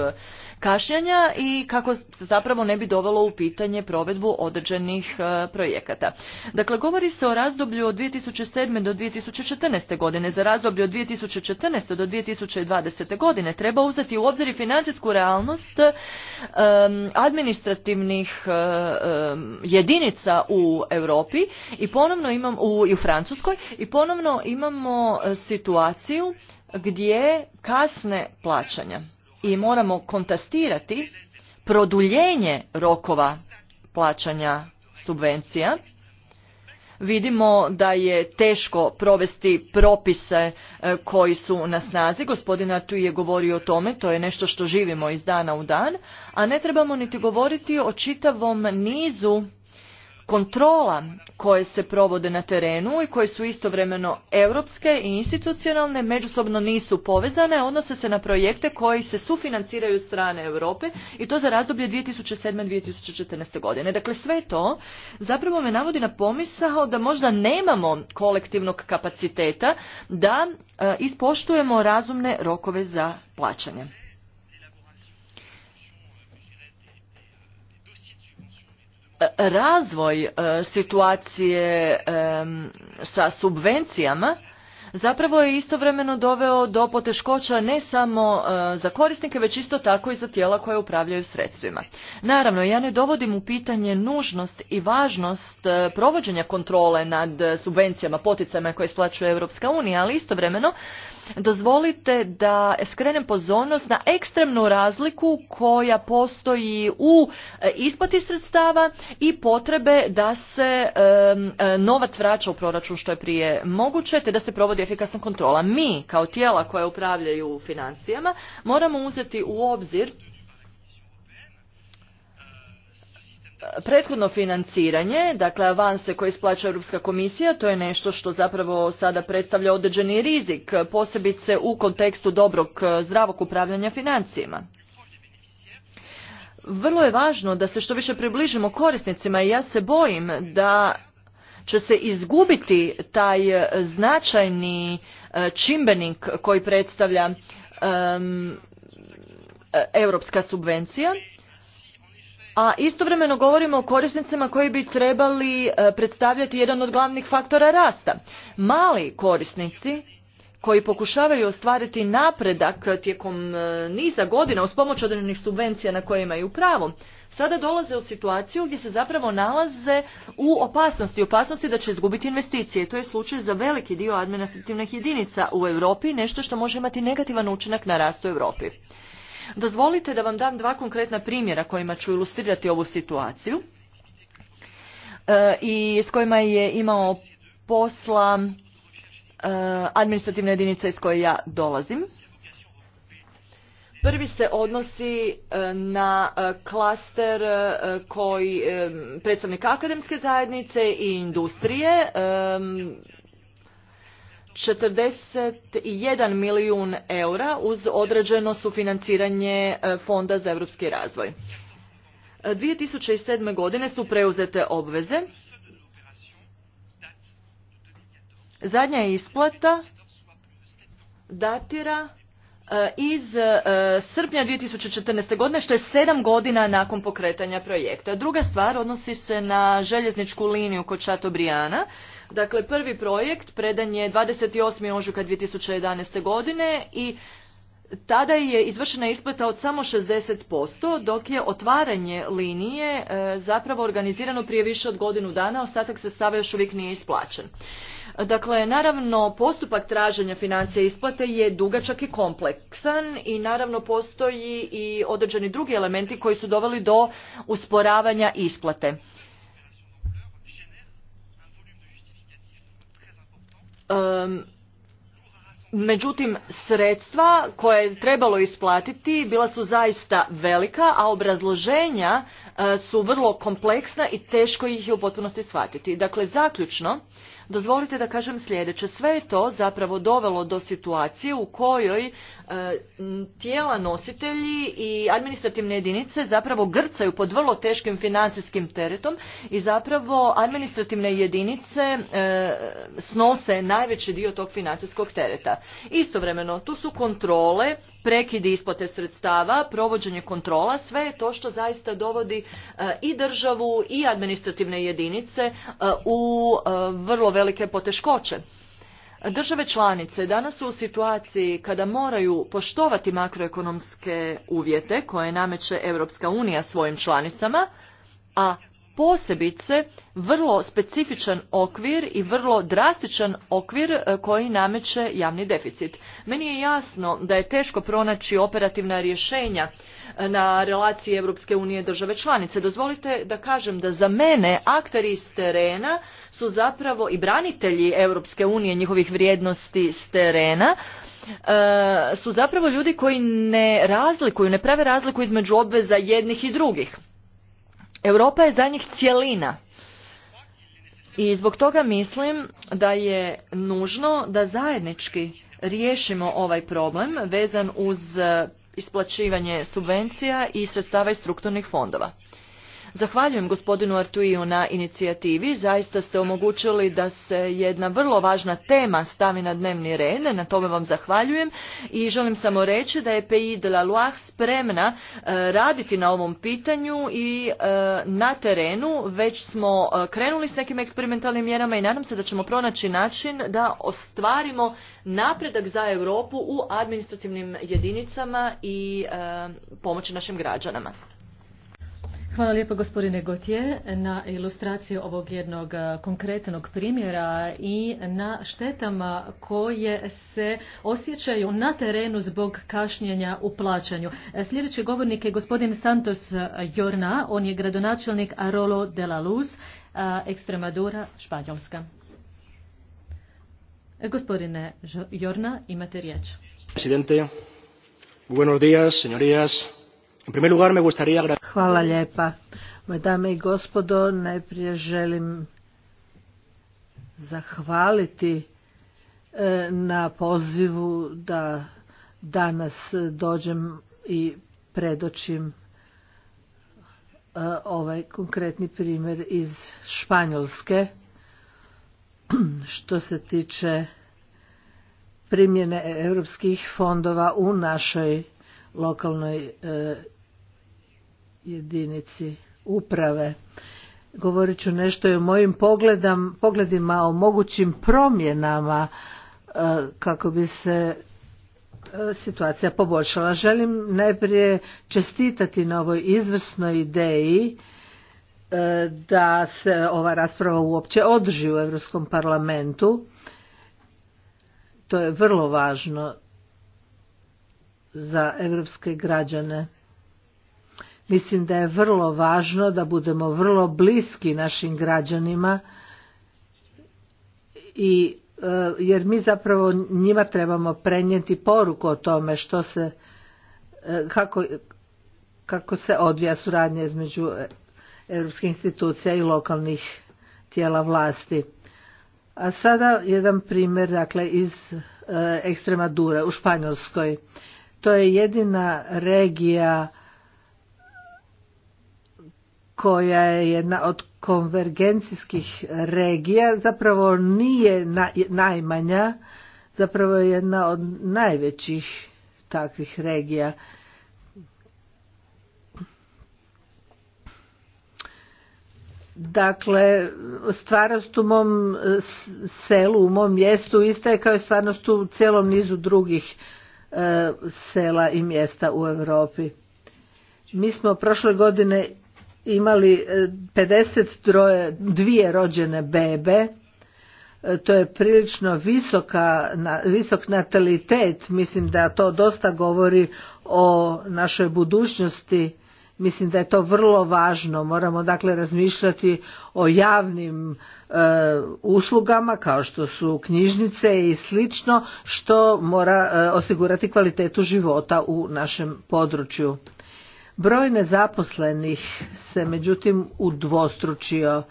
kašnjanja i kako se zapravo ne bi dovelo u pitanje provedbu određenih e, projekata. Dakle, govori se o razdoblju od 2007. do 2014. godine. Za razdoblje od 2014. do 2020. godine treba uzeti u obzir i financijsku realnost e, administrativnih e, jedinica u Europi i ponovno imam u, i u Francuskoj i ponovno imamo situaciju gdje kasne plaćanja i moramo kontastirati produljenje rokova plaćanja subvencija. Vidimo da je teško provesti propise e, koji su na snazi. Gospodina tu je govorio o tome, to je nešto što živimo iz dana u dan, a ne trebamo niti govoriti o čitavom nizu kontrola koje se provode na terenu i koje su istovremeno europske i institucionalne međusobno nisu povezane, odnose se na projekte koji se sufinanciraju od strane Europe i to za razdoblje 2007-2014. godine. Dakle, sve to zapravo me navodi na pomisao da možda nemamo kolektivnog kapaciteta da e, ispoštujemo razumne rokove za plaćanje. razvoj e, situacije e, sa subvencijama zapravo je istovremeno doveo do poteškoća ne samo e, za korisnike, već isto tako i za tijela koje upravljaju sredstvima. Naravno, ja ne dovodim u pitanje nužnost i važnost provođenja kontrole nad subvencijama, poticajima koje isplaćuje Europska unija, ali istovremeno dozvolite da skrenem pozornost na ekstremnu razliku koja postoji u e, isplati sredstava i potrebe da se e, novac vraća u proračun što je prije moguće te da se provodi efikasna kontrola. Mi kao tijela koja upravljaju financijama moramo uzeti u obzir prethodno financiranje, dakle avanse koje isplaća Europska komisija, to je nešto što zapravo sada predstavlja određeni rizik, posebice u kontekstu dobrog e, zdravog upravljanja financijama. Vrlo je važno da se što više približimo korisnicima i ja se bojim da će se izgubiti taj e, značajni e, čimbenik koji predstavlja europska subvencija a istovremeno govorimo o korisnicima koji bi trebali e, predstavljati jedan od glavnih faktora rasta. Mali korisnici koji pokušavaju ostvariti napredak tijekom e, niza godina uz pomoć određenih subvencija na koje imaju pravo, sada dolaze u situaciju gdje se zapravo nalaze u opasnosti, opasnosti da će izgubiti investicije. To je slučaj za veliki dio administrativnih jedinica u Europi, nešto što može imati negativan učinak na rast u Europi. Dozvolite da vam dam dva konkretna primjera kojima ću ilustrirati ovu situaciju e, i s kojima je imao posla e, administrativna jedinica iz koje ja dolazim. Prvi se odnosi e, na klaster koji predstavnik akademske zajednice i industrije 41 milijun eura uz određeno sufinanciranje e, Fonda za europski razvoj. 2007. E, godine su preuzete obveze. Zadnja isplata datira e, iz srpnja 2014. godine, što je sedam godina nakon pokretanja projekta. Druga stvar odnosi se na željezničku liniju kod Brijana Dakle, prvi projekt predan je 28. ožuka 2011. godine i tada je izvršena isplata od samo 60%, dok je otvaranje linije e, zapravo organizirano prije više od godinu dana, ostatak sredstava još uvijek nije isplaćen. Dakle, naravno, postupak traženja financije isplate je dugačak i kompleksan i naravno postoji i određeni drugi elementi koji su doveli do usporavanja isplate. međutim, sredstva koje je trebalo isplatiti bila su zaista velika, a obrazloženja eh, su vrlo kompleksna i teško ih je u potpunosti shvatiti. Dakle, zaključno, Dozvolite da kažem sljedeće. Sve je to zapravo dovelo do situacije u kojoj e, tijela nositelji i administrativne jedinice zapravo grcaju pod vrlo teškim financijskim teretom i zapravo administrativne jedinice e, snose najveći dio tog financijskog tereta. Istovremeno, tu su kontrole prekidi isplate sredstava, provođenje kontrola, sve je to što zaista dovodi e, i državu i administrativne jedinice e, u e, vrlo velike poteškoće. Države članice danas su u situaciji kada moraju poštovati makroekonomske uvjete koje nameće Europska unija svojim članicama, a posebice vrlo specifičan okvir i vrlo drastičan okvir e, koji nameće javni deficit. Meni je jasno da je teško pronaći operativna rješenja e, na relaciji Europske unije države članice. Dozvolite da kažem da za mene akteri s terena su zapravo i branitelji Europske unije njihovih vrijednosti s terena e, su zapravo ljudi koji ne razlikuju, ne prave razliku između obveza jednih i drugih. Europa je za njih cjelina. I zbog toga mislim da je nužno da zajednički riješimo ovaj problem vezan uz eh, isplaćivanje subvencija i sredstava iz strukturnih fondova. Zahvaljujem gospodinu Artuiju na inicijativi. Zaista ste omogućili da se jedna vrlo važna tema stavi na dnevni red. Na tome vam zahvaljujem i želim samo reći da je PI de la Loire spremna e, raditi na ovom pitanju i e, na terenu. Već smo e, krenuli s nekim eksperimentalnim mjerama i nadam se da ćemo pronaći način da ostvarimo napredak za Europu u administrativnim jedinicama i pomoći našim građanama. Hvala lijepo gospodine Gotje na ilustraciju ovog jednog e, konkretnog primjera i na štetama koje se osjećaju na terenu zbog kašnjenja u plaćanju. E, sljedeći govornik je gospodin Santos Jorna, on je gradonačelnik Arolo de la Luz, Ekstremadura, Španjolska. E, gospodine Jorna, imate riječ. Presidente, buenos días, señorías. Hvala lijepa. Dame i gospodo, najprije želim zahvaliti e, na pozivu da danas dođem i predočim e, ovaj konkretni primjer iz Španjolske što se tiče primjene europskih fondova u našoj lokalnoj e, jedinici uprave. Govorit ću nešto i o mojim pogledam, pogledima o mogućim promjenama e, kako bi se e, situacija poboljšala. Želim najprije čestitati na ovoj izvrsnoj ideji e, da se ova rasprava uopće održi u Europskom parlamentu. To je vrlo važno za europske građane. Mislim da je vrlo važno da budemo vrlo bliski našim građanima i e, jer mi zapravo njima trebamo prenijeti poruku o tome što se e, kako, kako se odvija suradnja između europskih institucija i lokalnih tijela vlasti. A sada jedan primjer dakle iz e, Ekstremadure u Španjolskoj. To je jedina regija koja je jedna od konvergencijskih regija zapravo nije najmanja, zapravo je jedna od najvećih takvih regija. Dakle, stvarnost u mom selu, u mom mjestu ista je kao i stvarnost u cijelom nizu drugih e, sela i mjesta u Europi. Mi smo prošle godine imali 52 e, dvije rođene bebe e, to je prilično visoka, visok natalitet mislim da to dosta govori o našoj budućnosti mislim da je to vrlo važno moramo dakle razmišljati o javnim e, uslugama kao što su knjižnice i slično što mora osigurati kvalitetu života u našem području Broj nezaposlenih se međutim udvostručio,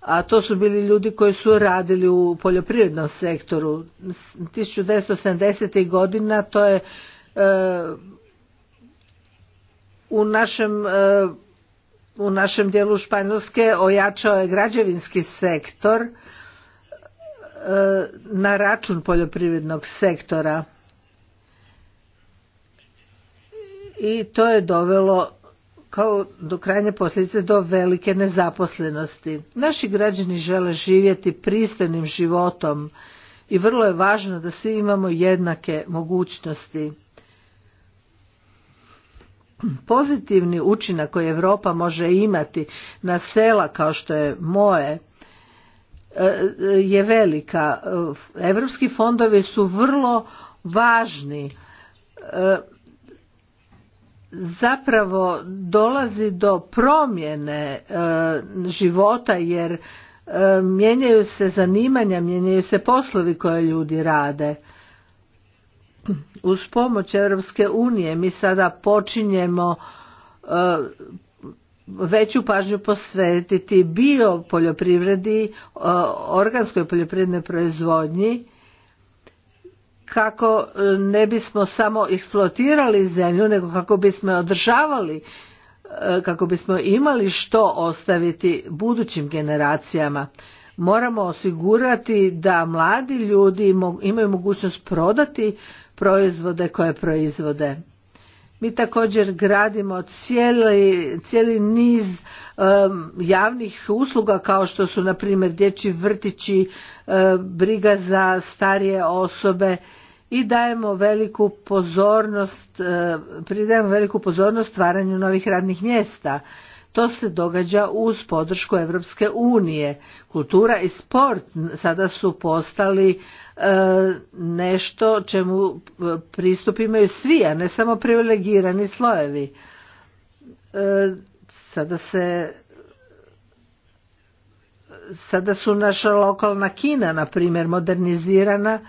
a to su bili ljudi koji su radili u poljoprivrednom sektoru. 1970. godina to je e, u našem e, u našem dijelu Španjolske ojačao je građevinski sektor e, na račun poljoprivrednog sektora i to je dovelo kao do krajnje posljedice do velike nezaposlenosti. Naši građani žele živjeti pristojnim životom i vrlo je važno da svi imamo jednake mogućnosti. Pozitivni učinak koji Europa može imati na sela kao što je moje e, je velika. Europski fondovi su vrlo važni e, zapravo dolazi do promjene e, života jer e, mijenjaju se zanimanja, mijenjaju se poslovi koje ljudi rade. Uz pomoć Europske unije mi sada počinjemo e, veću pažnju posvetiti bio poljoprivredi, organskoj poljoprivrednoj proizvodnji kako e, ne bismo samo eksploatirali zemlju nego kako bismo održavali e, kako bismo imali što ostaviti budućim generacijama moramo osigurati da mladi ljudi imaju mogućnost prodati proizvode koje proizvode mi također gradimo cijeli, cijeli niz javnih usluga kao što su na primjer dječji vrtići briga za starije osobe i dajemo veliku pozornost, e, pridajemo veliku pozornost stvaranju novih radnih mjesta. To se događa uz podršku Europske unije. Kultura i sport sada su postali e, nešto čemu pristup imaju svi, a ne samo privilegirani slojevi. E, sada se sada su naša lokalna kina, na primjer, modernizirana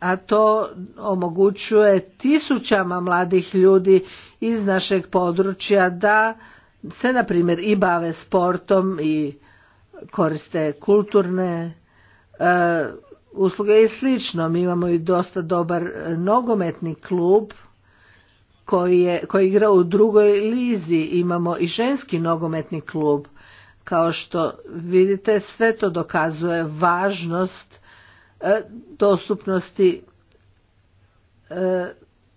a to omogućuje tisućama mladih ljudi iz našeg područja da se na primjer i bave sportom i koriste kulturne e, usluge i slično. Mi imamo i dosta dobar nogometni klub koji, je, koji igra u drugoj lizi. Imamo i ženski nogometni klub. Kao što vidite sve to dokazuje važnost E, dostupnosti e,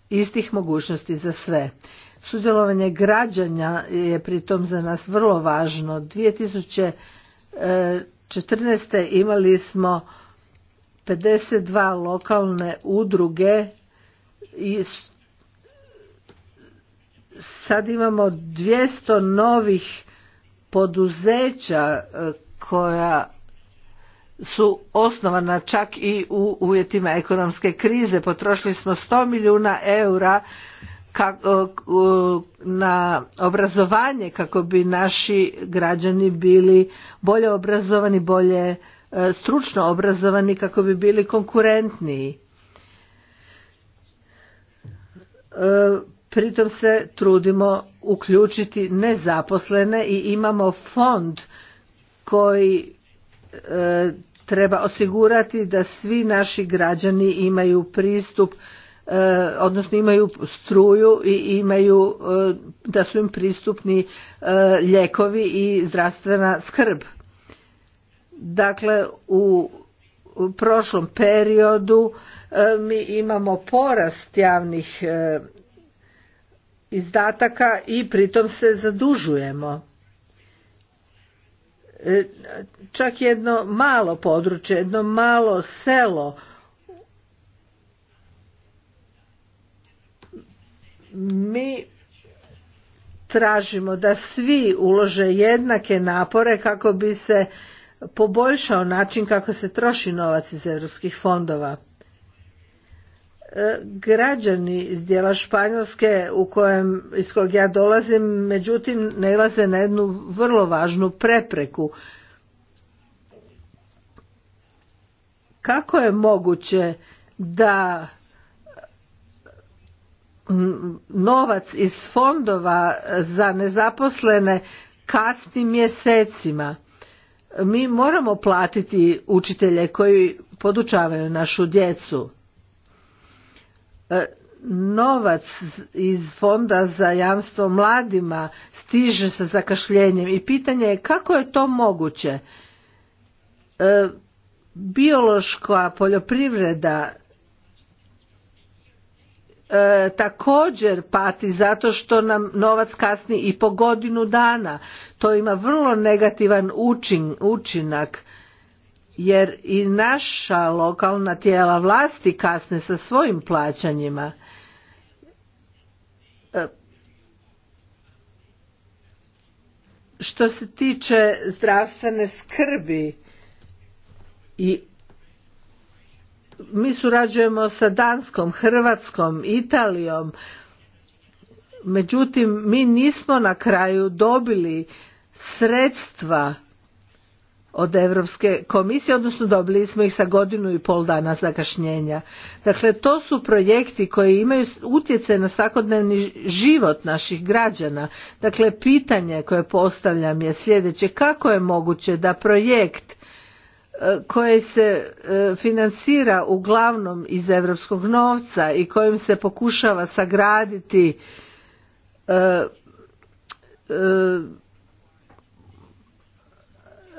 istih mogućnosti za sve. Sudjelovanje građanja je pritom za nas vrlo važno. 2014. E, imali smo 52 lokalne udruge i sad imamo 200 novih poduzeća koja su osnovana čak i u uvjetima ekonomske krize. Potrošili smo 100 milijuna eura na obrazovanje kako bi naši građani bili bolje obrazovani, bolje e, stručno obrazovani kako bi bili konkurentniji. E, pritom se trudimo uključiti nezaposlene i imamo fond koji e, treba osigurati da svi naši građani imaju pristup e, odnosno imaju struju i imaju e, da su im pristupni e, lijekovi i zdravstvena skrb. Dakle u prošlom periodu mi imamo porast javnih izdataka i pritom se zadužujemo. E, čak jedno malo područje, jedno malo selo mi tražimo da svi ulože jednake napore kako bi se poboljšao način kako se troši novac iz europskih fondova. E, građani iz dijela Španjolske u kojem, iz kojeg ja dolazim, međutim nailaze na jednu vrlo važnu prepreku. Kako je moguće da novac iz fondova za nezaposlene kasni mjesecima? Mi moramo platiti učitelje koji podučavaju našu djecu. E, novac iz fonda za jamstvo mladima stiže sa zakašljenjem i pitanje je kako je to moguće e, biološka poljoprivreda e, također pati zato što nam novac kasni i po godinu dana to ima vrlo negativan učin, učinak jer i naša lokalna tijela vlasti kasne sa svojim plaćanjima. E, što se tiče zdravstvene skrbi i mi surađujemo sa Danskom, Hrvatskom, Italijom. Međutim mi nismo na kraju dobili sredstva od Europske komisije, odnosno dobili smo ih sa godinu i pol dana zakašnjenja. Dakle, to su projekti koji imaju utjecaj na svakodnevni život naših građana. Dakle, pitanje koje postavljam je sljedeće. Kako je moguće da projekt e, koji se e, financira uglavnom iz europskog novca i kojim se pokušava sagraditi e,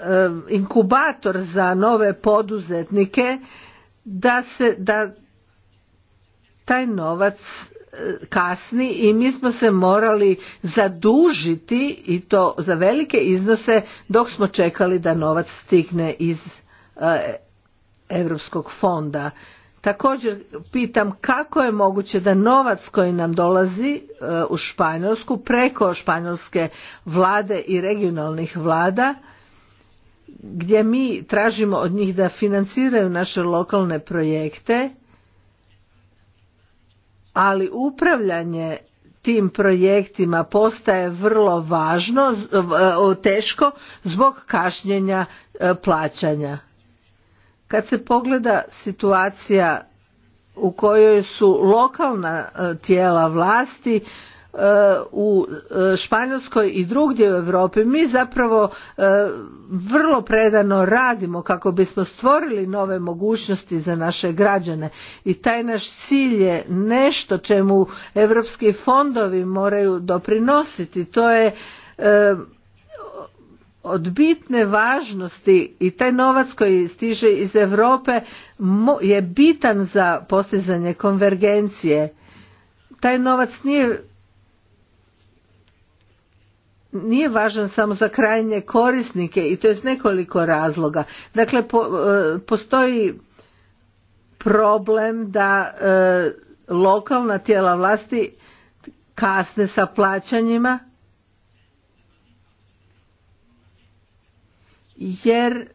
Eh, inkubator za nove poduzetnike da se da taj novac eh, kasni i mi smo se morali zadužiti i to za velike iznose dok smo čekali da novac stigne iz eh, Europskog fonda. Također pitam kako je moguće da novac koji nam dolazi u Španjolsku preko španjolske vlade i regionalnih vlada gdje mi tražimo od njih da financiraju naše lokalne projekte, ali upravljanje tim projektima postaje vrlo važno, e, teško zbog kašnjenja e, plaćanja. Kad se pogleda situacija u kojoj su lokalna e, tijela vlasti Eh, u eh, Španjolskoj i drugdje u Europi mi zapravo eh, vrlo predano radimo kako bismo stvorili nove mogućnosti za naše građane i taj naš cilj je nešto čemu europski fondovi moraju doprinositi to je od bitne važnosti i taj novac koji stiže iz Europe je bitan za postizanje konvergencije taj novac nije nije važan samo za krajnje korisnike i to je iz nekoliko razloga. Dakle, e, postoji problem da e, lokalna tijela vlasti kasne sa plaćanjima jer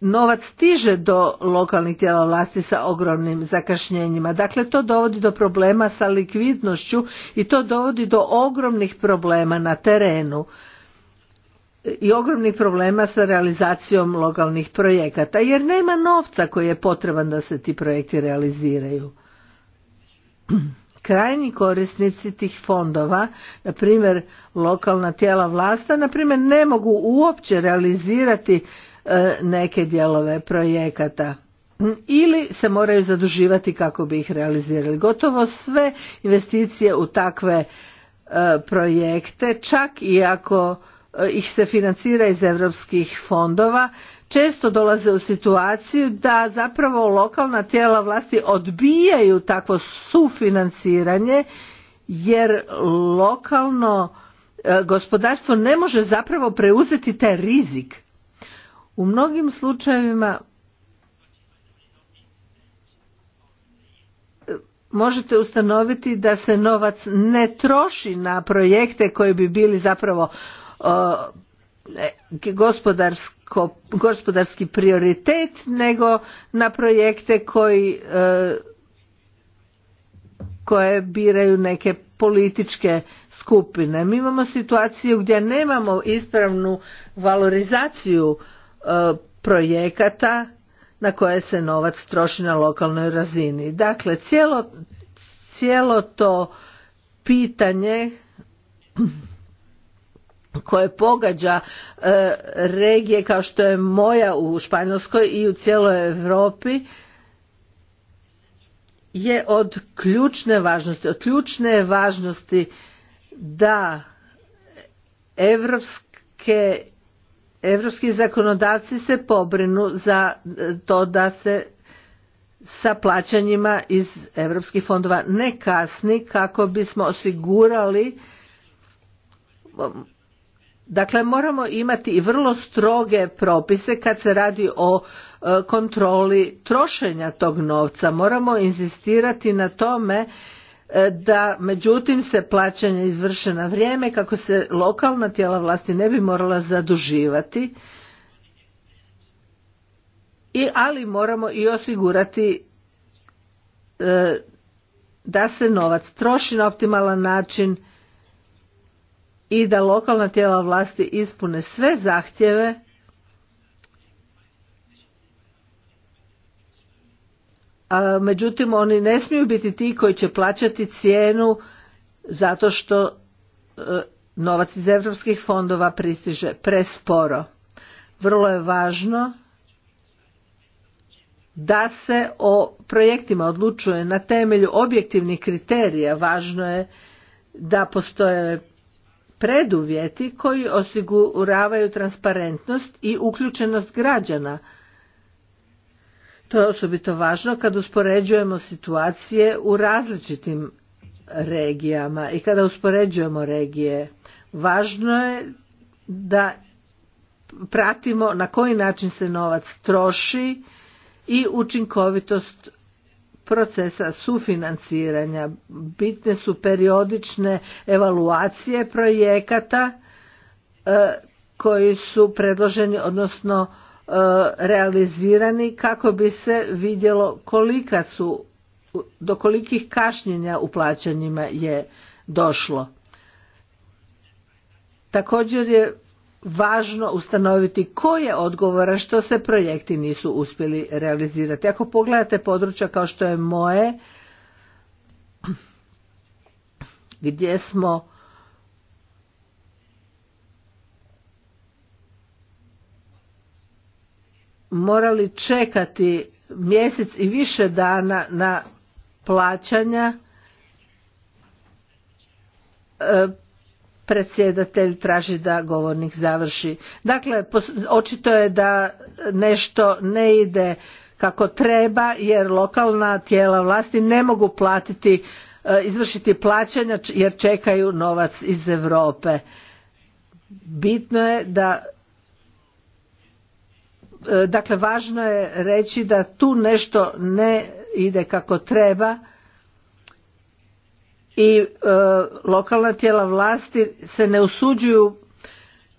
novac stiže do lokalnih tijela vlasti sa ogromnim zakašnjenjima. Dakle, to dovodi do problema sa likvidnošću i to dovodi do ogromnih problema na terenu i ogromnih problema sa realizacijom lokalnih projekata, jer nema novca koji je potreban da se ti projekti realiziraju. Krajni korisnici tih fondova, na primjer lokalna tijela vlasta, na primjer ne mogu uopće realizirati E, neke dijelove projekata ili se moraju zaduživati kako bi ih realizirali. Gotovo sve investicije u takve e, projekte, čak i ako e, ih se financira iz europskih fondova, često dolaze u situaciju da zapravo lokalna tijela vlasti odbijaju takvo sufinanciranje jer lokalno gospodarstvo ne može zapravo preuzeti taj rizik u mnogim slučajevima e, možete ustanoviti da se novac ne troši na projekte koji bi bili zapravo e, e, Gospodarsko, gospodarski prioritet nego na projekte koji koje biraju neke političke skupine. Mi imamo situaciju gdje nemamo ispravnu valorizaciju projekata na koje se novac troši na lokalnoj razini. Dakle, cijelo, to pitanje koje pogađa e, regije kao što je moja u Španjolskoj i u cijeloj Europi je od ključne važnosti, od ključne važnosti da evropske Europski zakonodavci se pobrinu za e, to da se sa plaćanjima iz europskih fondova ne kasni kako bismo osigurali dakle moramo imati i vrlo stroge propise kad se radi o e, kontroli trošenja tog novca moramo inzistirati na tome E, da međutim se plaćanje izvrše na vrijeme kako se lokalna tijela vlasti ne bi morala zaduživati i ali moramo i osigurati e, da se novac troši na optimalan način i da lokalna tijela vlasti ispune sve zahtjeve međutim oni ne smiju biti ti koji će plaćati cijenu zato što e, novac iz europskih fondova pristiže presporo. Vrlo je važno da se o projektima odlučuje na temelju objektivnih kriterija. Važno je da postoje preduvjeti koji osiguravaju transparentnost i uključenost građana – to je osobito važno kad uspoređujemo situacije u različitim regijama i kada uspoređujemo regije. Važno je da pratimo na koji način se novac troši i učinkovitost procesa sufinanciranja. Bitne su periodične evaluacije projekata e, koji su predloženi, odnosno E, realizirani kako bi se vidjelo kolika su, do kolikih kašnjenja u plaćanjima je došlo. Također je važno ustanoviti ko je odgovoran što se projekti nisu uspjeli realizirati. Ako pogledate područja kao što je moje, gdje smo morali čekati mjesec i više dana na plaćanja e, predsjedatelj traži da govornik završi. Dakle, očito je da nešto ne ide kako treba jer lokalna tijela vlasti ne mogu platiti, e, izvršiti plaćanja jer čekaju novac iz Europe. Bitno je da E, dakle važno je reći da tu nešto ne ide kako treba i e, lokalna tijela vlasti se ne usuđuju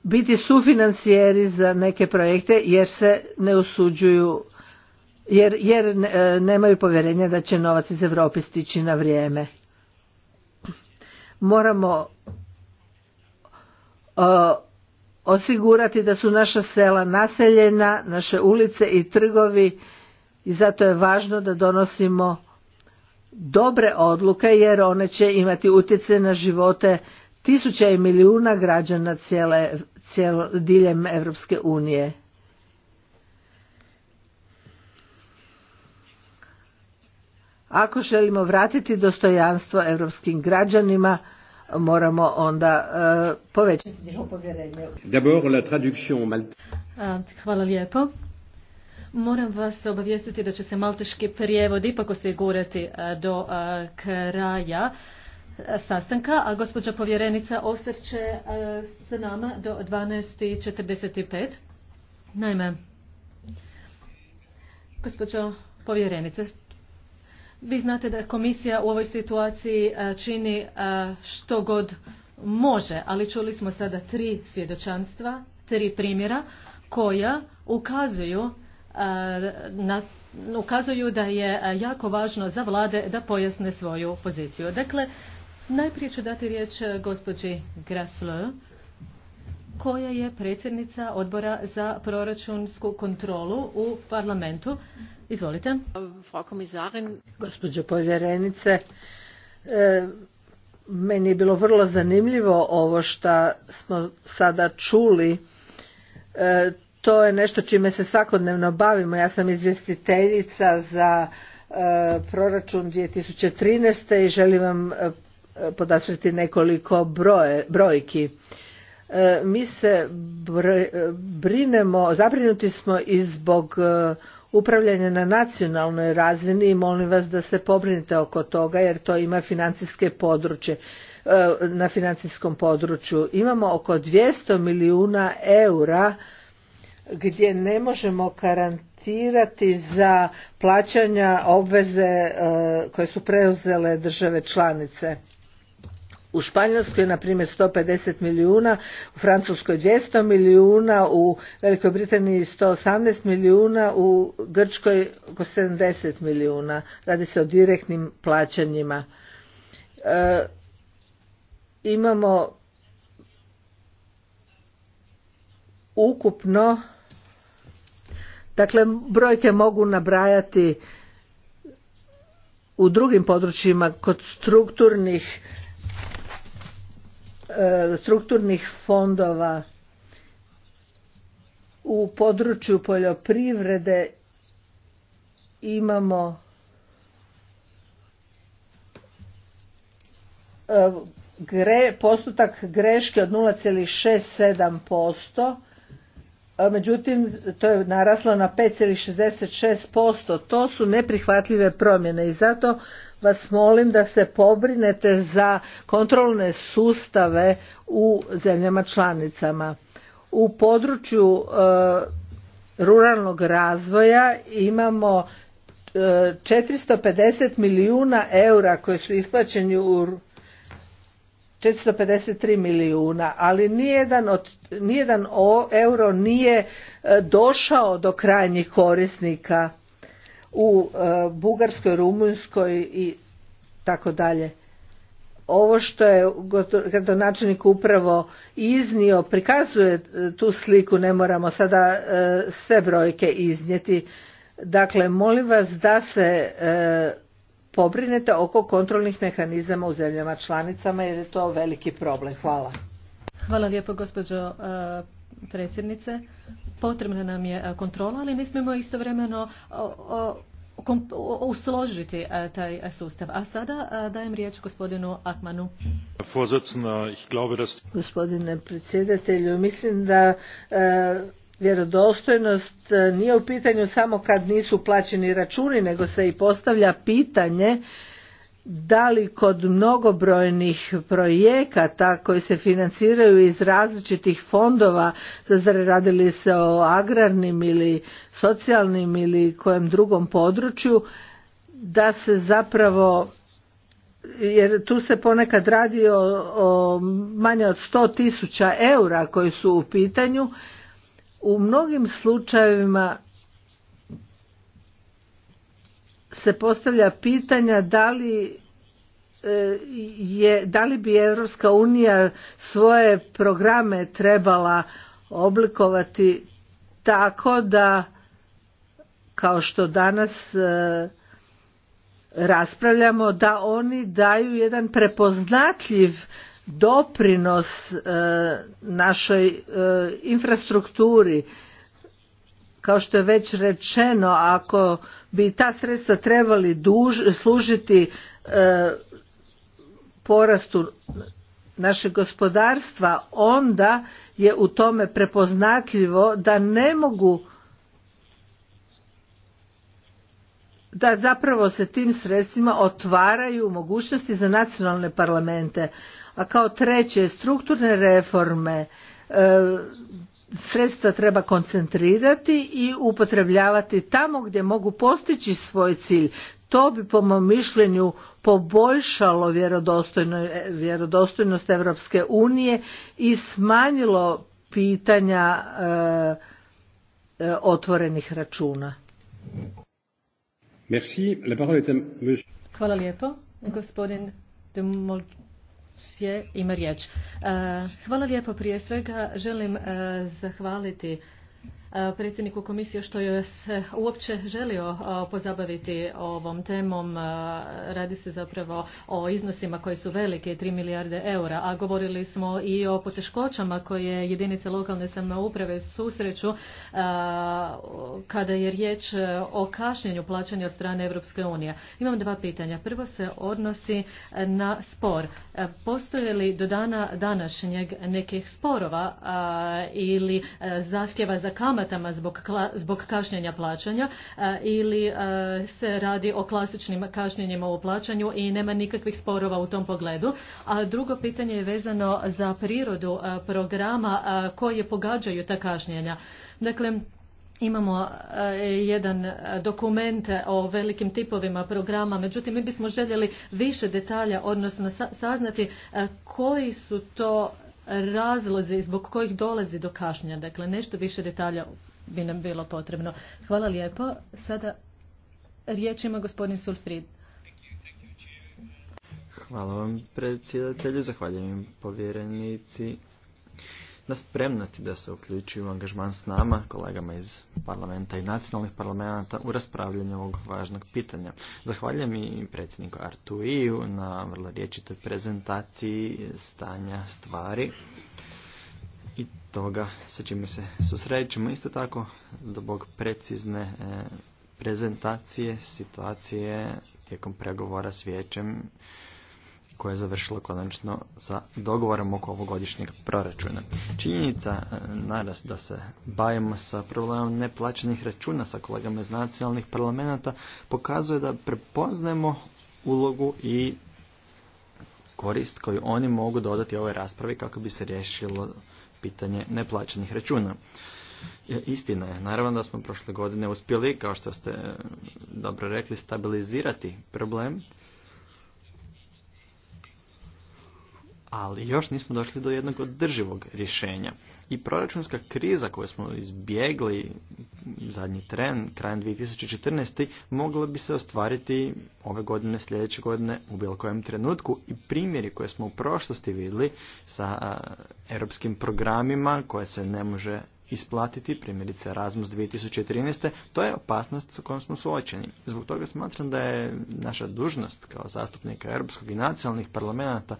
biti sufinancijeri za neke projekte jer se ne usuđuju jer, jer e, nemaju povjerenja da će novac iz Europe stići na vrijeme. Moramo osigurati da su naša sela naseljena, naše ulice i trgovi i zato je važno da donosimo dobre odluke jer one će imati utjecaj na živote tisuća i milijuna građana cijele, cijelo, diljem Europske unije. Ako želimo vratiti dostojanstvo europskim građanima, moramo onda e, povećati njihovo povjerenje. Hvala lijepo. Moram vas obavijestiti da će se malteški prijevod ipak osigurati e, do e, kraja sastanka, a gospođa povjerenica ostat će s nama do 12.45. Naime, gospođo povjerenice, vi znate da komisija u ovoj situaciji e, čini e, što god može, ali čuli smo sada tri svjedočanstva, tri primjera koja ukazuju e, na ukazuju da je jako važno za vlade da pojasne svoju poziciju. Dakle, najprije ću dati riječ gospođi Grasleu koja je predsjednica odbora za proračunsku kontrolu u parlamentu. Izvolite. Gospođo povjerenice, e, meni je bilo vrlo zanimljivo ovo što smo sada čuli. E, to je nešto čime se svakodnevno bavimo. Ja sam izvjestiteljica za e, proračun 2013. i želim vam podasreti nekoliko brojki. E, mi se e, brinemo, zabrinuti smo i zbog e, upravljanja na nacionalnoj razini i molim vas da se pobrinite oko toga jer to ima financijske područje na financijskom području. Imamo oko 200 milijuna eura gdje ne možemo garantirati za plaćanja obveze koje su preuzele države članice u Španjolskoj je na primjer 150 milijuna, u Francuskoj 200 milijuna, u Velikoj Britaniji 118 milijuna, u Grčkoj oko 70 milijuna. Radi se o direktnim plaćanjima. E, imamo ukupno dakle brojke mogu nabrajati u drugim područjima kod strukturnih E, strukturnih fondova u području poljoprivrede imamo e, gre, postotak greške od 0,67%, međutim to je naraslo na 5,66%. To su neprihvatljive promjene i zato vas molim da se pobrinete za kontrolne sustave u zemljama članicama. U području e, ruralnog razvoja imamo 450 e, milijuna eura koji su isplaćeni u 453 milijuna, ali nijedan, nijedan euro nije e, došao do krajnjih korisnika u e, Bugarskoj, Rumunjskoj i tako dalje. Ovo što je gradonačelnik upravo iznio prikazuje e, tu sliku, ne moramo sada e, sve brojke iznijeti. Dakle, molim vas da se pobrinete oko kontrolnih mehanizama u zemljama članicama jer je to veliki problem. Hvala. Hvala lijepo gospođo predsjednice. Potrebna nam je e, kontrola, ali ne smijemo istovremeno usložiti e, taj e, sustav. A sada dajem riječ gospodinu Akmanu. Gospodine predsjedatelju, mislim da vjerodostojnost nije u pitanju samo kad nisu plaćeni računi, nego se i postavlja pitanje da li kod mnogobrojnih projekata koji se financiraju iz različitih fondova, radili se o agrarnim ili socijalnim ili kojem drugom području, da se zapravo jer tu se ponekad radi o, manje od 100.000 tisuća eura koji su u pitanju, u mnogim slučajevima se postavlja pitanja da li e, je, da li bi Europska unija svoje programe trebala oblikovati tako da kao što danas e, raspravljamo da oni daju jedan prepoznatljiv doprinos e, našoj infrastrukturi kao što je već rečeno, ako bi ta sredstva trebali služiti e, porastu našeg gospodarstva, onda je u tome prepoznatljivo da ne mogu da zapravo se tim sredstvima otvaraju mogućnosti za nacionalne parlamente. A kao treće, strukturne reforme, e, sredstva treba koncentrirati i upotrebljavati tamo gdje mogu postići svoj cilj. To bi po mom mišljenju poboljšalo vjerodostojnost Europske unije i smanjilo pitanja e, e, otvorenih računa. Merci. Hvala lijepo. Gospodin de ima riječ. E, hvala lijepo prije svega. Želim e, zahvaliti E, predsjedniku komisije što je se uopće želio e, pozabaviti ovom temom. E, radi se zapravo o iznosima koji su velike, 3 milijarde eura, a govorili smo i o poteškoćama koje jedinice lokalne samouprave susreću kada je riječ o kašnjenju plaćanja od strane Europske unije. Imam dva pitanja. Prvo se odnosi na spor. Postoje li do dana današnjeg nekih sporova ili zahtjeva za kamar zbog, zbog kašnjenja plaćanja e, ili e, se radi o klasičnim kašnjenjima u plaćanju i nema nikakvih sporova u tom pogledu. A drugo pitanje je vezano za prirodu e, programa koje pogađaju ta kašnjenja. Dakle, Imamo jedan dokument o velikim tipovima programa, međutim mi bismo željeli više detalja, odnosno saznati koji su to razlozi zbog kojih dolazi do kašnja. Dakle, nešto više detalja bi nam bilo potrebno. Hvala lijepo. Sada riječ ima gospodin Sulfrid. Hvala vam predsjedatelju, zahvaljujem povjerenici na spremnosti da se uključuju u angažman s nama, kolegama iz parlamenta i nacionalnih parlamenta u raspravljanju ovog važnog pitanja. Zahvaljujem i predsjedniku Artuiju na vrlo riječitoj prezentaciji stanja stvari i toga sa čime se susrećemo. Isto tako zbog precizne e, prezentacije situacije tijekom pregovora s vijećem koje je završila konačno sa dogovorom oko ovogodišnjeg proračuna. Činjenica e, naraz da se bavimo sa problemom neplaćenih računa sa kolegama iz nacionalnih parlamenta pokazuje da prepoznajemo ulogu i korist koju oni mogu dodati ovoj raspravi kako bi se riješilo pitanje neplaćenih računa. E, istina je, naravno da smo prošle godine uspjeli, kao što ste e, dobro rekli, stabilizirati problem, ali još nismo došli do jednog održivog rješenja. I proračunska kriza koju smo izbjegli, zadnji tren, krajem 2014. mogla bi se ostvariti ove godine, sljedeće godine, u bilo kojem trenutku. I primjeri koje smo u prošlosti vidjeli sa europskim programima koje se ne može isplatiti, primjerice Erasmus 2013. To je opasnost sa kojom smo suočeni. Zbog toga smatram da je naša dužnost kao zastupnika europskog i nacionalnih parlamenta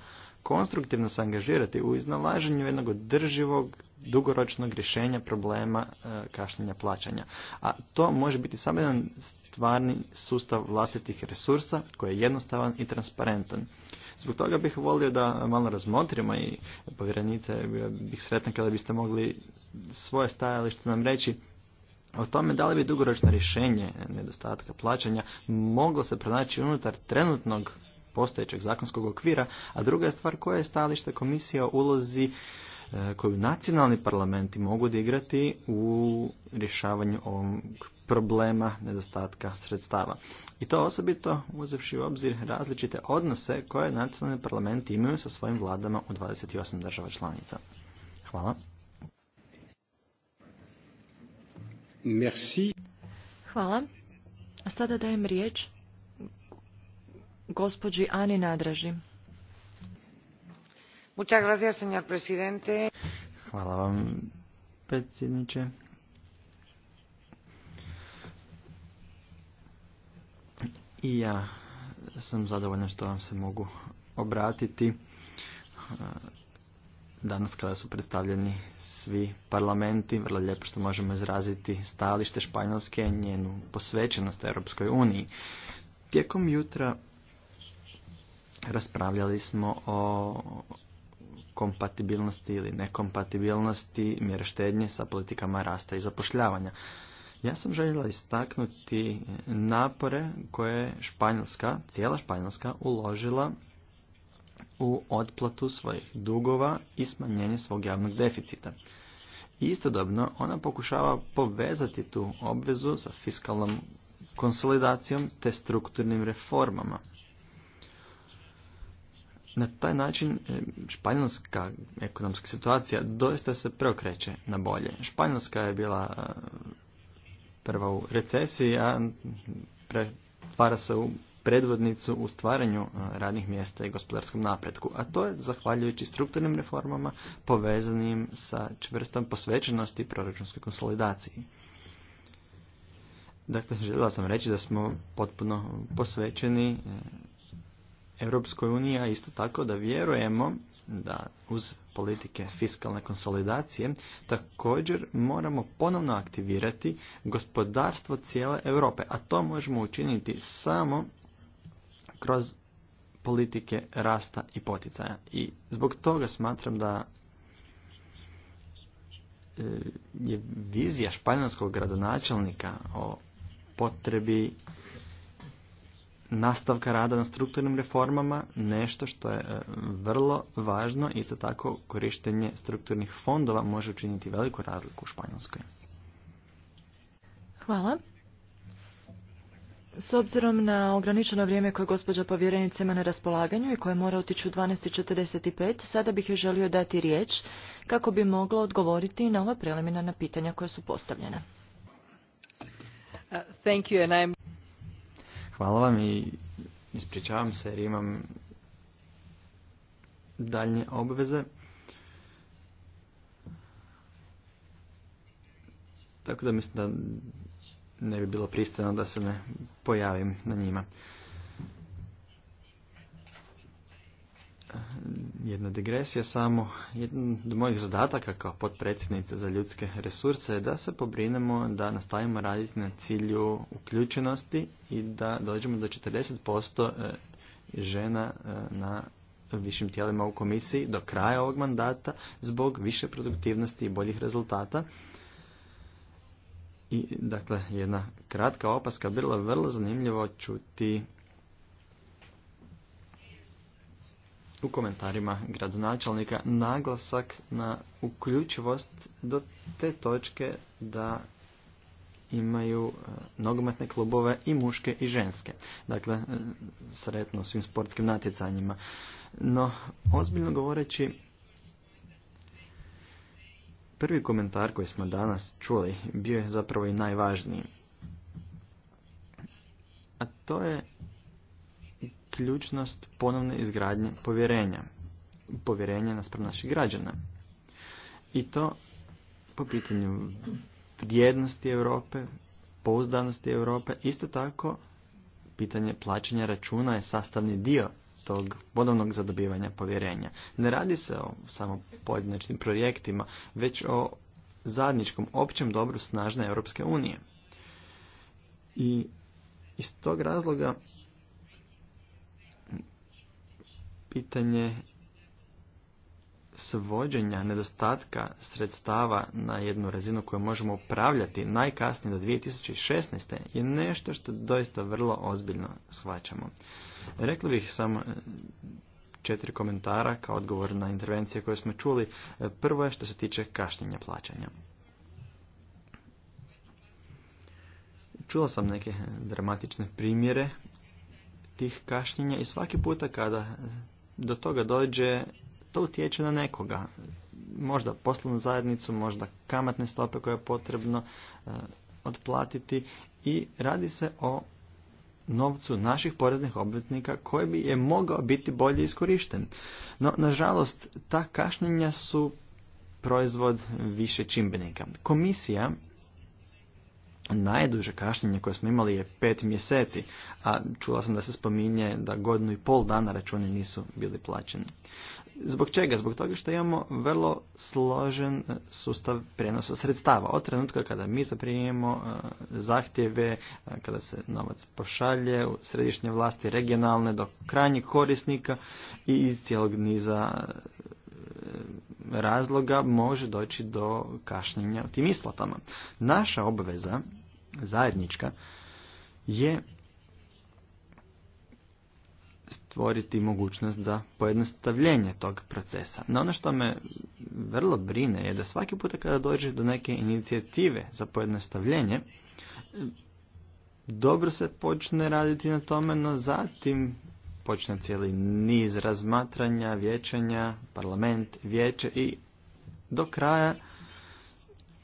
konstruktivno se angažirati u iznalaženju jednog održivog dugoročnog rješenja problema e, kašnjenja plaćanja. A to može biti samo jedan stvarni sustav vlastitih resursa koji je jednostavan i transparentan. Zbog toga bih volio da malo razmotrimo i povjerenice bih sretna kada biste mogli svoje stajalište nam reći o tome da li bi dugoročno rješenje nedostatka plaćanja moglo se pronaći unutar trenutnog postojećeg zakonskog okvira, a druga je stvar koja je stajalište komisija ulozi e, koju nacionalni parlamenti mogu odigrati u rješavanju ovog problema nedostatka sredstava. I to osobito uzevši u obzir različite odnose koje nacionalni parlamenti imaju sa svojim vladama u 28 država članica. Hvala. Merci. Hvala. A sada dajem riječ gospođi Ani Nadraži. Hvala vam, predsjedniče. I ja sam zadovoljan što vam se mogu obratiti danas kada su predstavljeni svi parlamenti, vrlo lijepo što možemo izraziti stajalište Španjolske, njenu posvećenost Europskoj uniji. Tijekom jutra raspravljali smo o kompatibilnosti ili nekompatibilnosti mjere štednje sa politikama rasta i zapošljavanja. Ja sam željela istaknuti napore koje je Španjolska, cijela Španjolska uložila u otplatu svojih dugova i smanjenje svog javnog deficita. Istodobno ona pokušava povezati tu obvezu sa fiskalnom konsolidacijom te strukturnim reformama. Na taj način e, španjolska ekonomska situacija doista se preokreće na bolje. Španjolska je bila e, prva u recesiji, a pretvara se u predvodnicu u stvaranju e, radnih mjesta i gospodarskom napretku, a to je zahvaljujući strukturnim reformama povezanim sa čvrstom posvećenosti proračunskoj konsolidaciji. Dakle, željela sam reći da smo potpuno posvećeni Europskoj uniji, a isto tako da vjerujemo da uz politike fiskalne konsolidacije također moramo ponovno aktivirati gospodarstvo cijele Europe, a to možemo učiniti samo kroz politike rasta i poticaja. I zbog toga smatram da e, je vizija španjolskog gradonačelnika o potrebi nastavka rada na strukturnim reformama, nešto što je e, vrlo važno, isto tako korištenje strukturnih fondova može učiniti veliku razliku u Španjolskoj. Hvala. S obzirom na ograničeno vrijeme koje gospođa povjerenica ima na raspolaganju i koje mora otići u 12.45, sada bih joj želio dati riječ kako bi mogla odgovoriti na ova preliminarna pitanja koja su postavljena. Uh, Hvala vam i ispričavam se jer imam daljnje obveze. Tako da mislim da ne bi bilo pristano da se ne pojavim na njima. jedna digresija samo. Jedan od mojih zadataka kao potpredsjednice za ljudske resurse je da se pobrinemo da nastavimo raditi na cilju uključenosti i da dođemo do 40% e, žena e, na višim tijelima u komisiji do kraja ovog mandata zbog više produktivnosti i boljih rezultata. I, dakle, jedna kratka opaska, bilo je vrlo zanimljivo čuti u komentarima gradonačelnika naglasak na uključivost do te točke da imaju e, nogometne klubove i muške i ženske. Dakle, e, sretno svim sportskim natjecanjima. No, ozbiljno govoreći, prvi komentar koji smo danas čuli bio je zapravo i najvažniji. A to je ključnost ponovne izgradnje povjerenja. Povjerenja naspram naših građana. I to po pitanju vrijednosti Europe, pouzdanosti Europe, isto tako pitanje plaćanja računa je sastavni dio tog ponovnog zadobivanja povjerenja. Ne radi se o samo pojedinačnim projektima, već o zajedničkom općem dobru snažne Europske unije. I iz tog razloga pitanje svođenja nedostatka sredstava na jednu razinu koju možemo upravljati najkasnije do 2016. je nešto što doista vrlo ozbiljno shvaćamo. Rekli bih samo e, četiri komentara kao odgovor na intervencije koje smo čuli. E, prvo je što se tiče kašnjenja plaćanja. Čula sam neke dramatične primjere tih kašnjenja i svaki puta kada do toga dođe, to utječe na nekoga. Možda poslovnu zajednicu, možda kamatne stope koje je potrebno e, otplatiti i radi se o novcu naših poreznih obveznika koji bi je mogao biti bolje iskorišten. No, nažalost, ta kašnjenja su proizvod više čimbenika. Komisija Najduže kašnjenje koje smo imali je pet mjeseci, a čula sam da se spominje da godinu i pol dana računi nisu bili plaćeni. Zbog čega? Zbog toga što imamo vrlo složen e, sustav prenosa sredstava. Od trenutka kada mi zaprimimo e, zahtjeve, e, kada se novac pošalje u središnje vlasti regionalne do krajnjih korisnika i iz cijelog niza razloga može doći do kašnjenja u tim isplatama. Naša obveza zajednička je stvoriti mogućnost za pojednostavljenje tog procesa. No ono što me vrlo brine je da svaki put kada dođe do neke inicijative za pojednostavljenje, dobro se počne raditi na tome, no zatim počne cijeli niz razmatranja, vječanja, parlament, vijeće i do kraja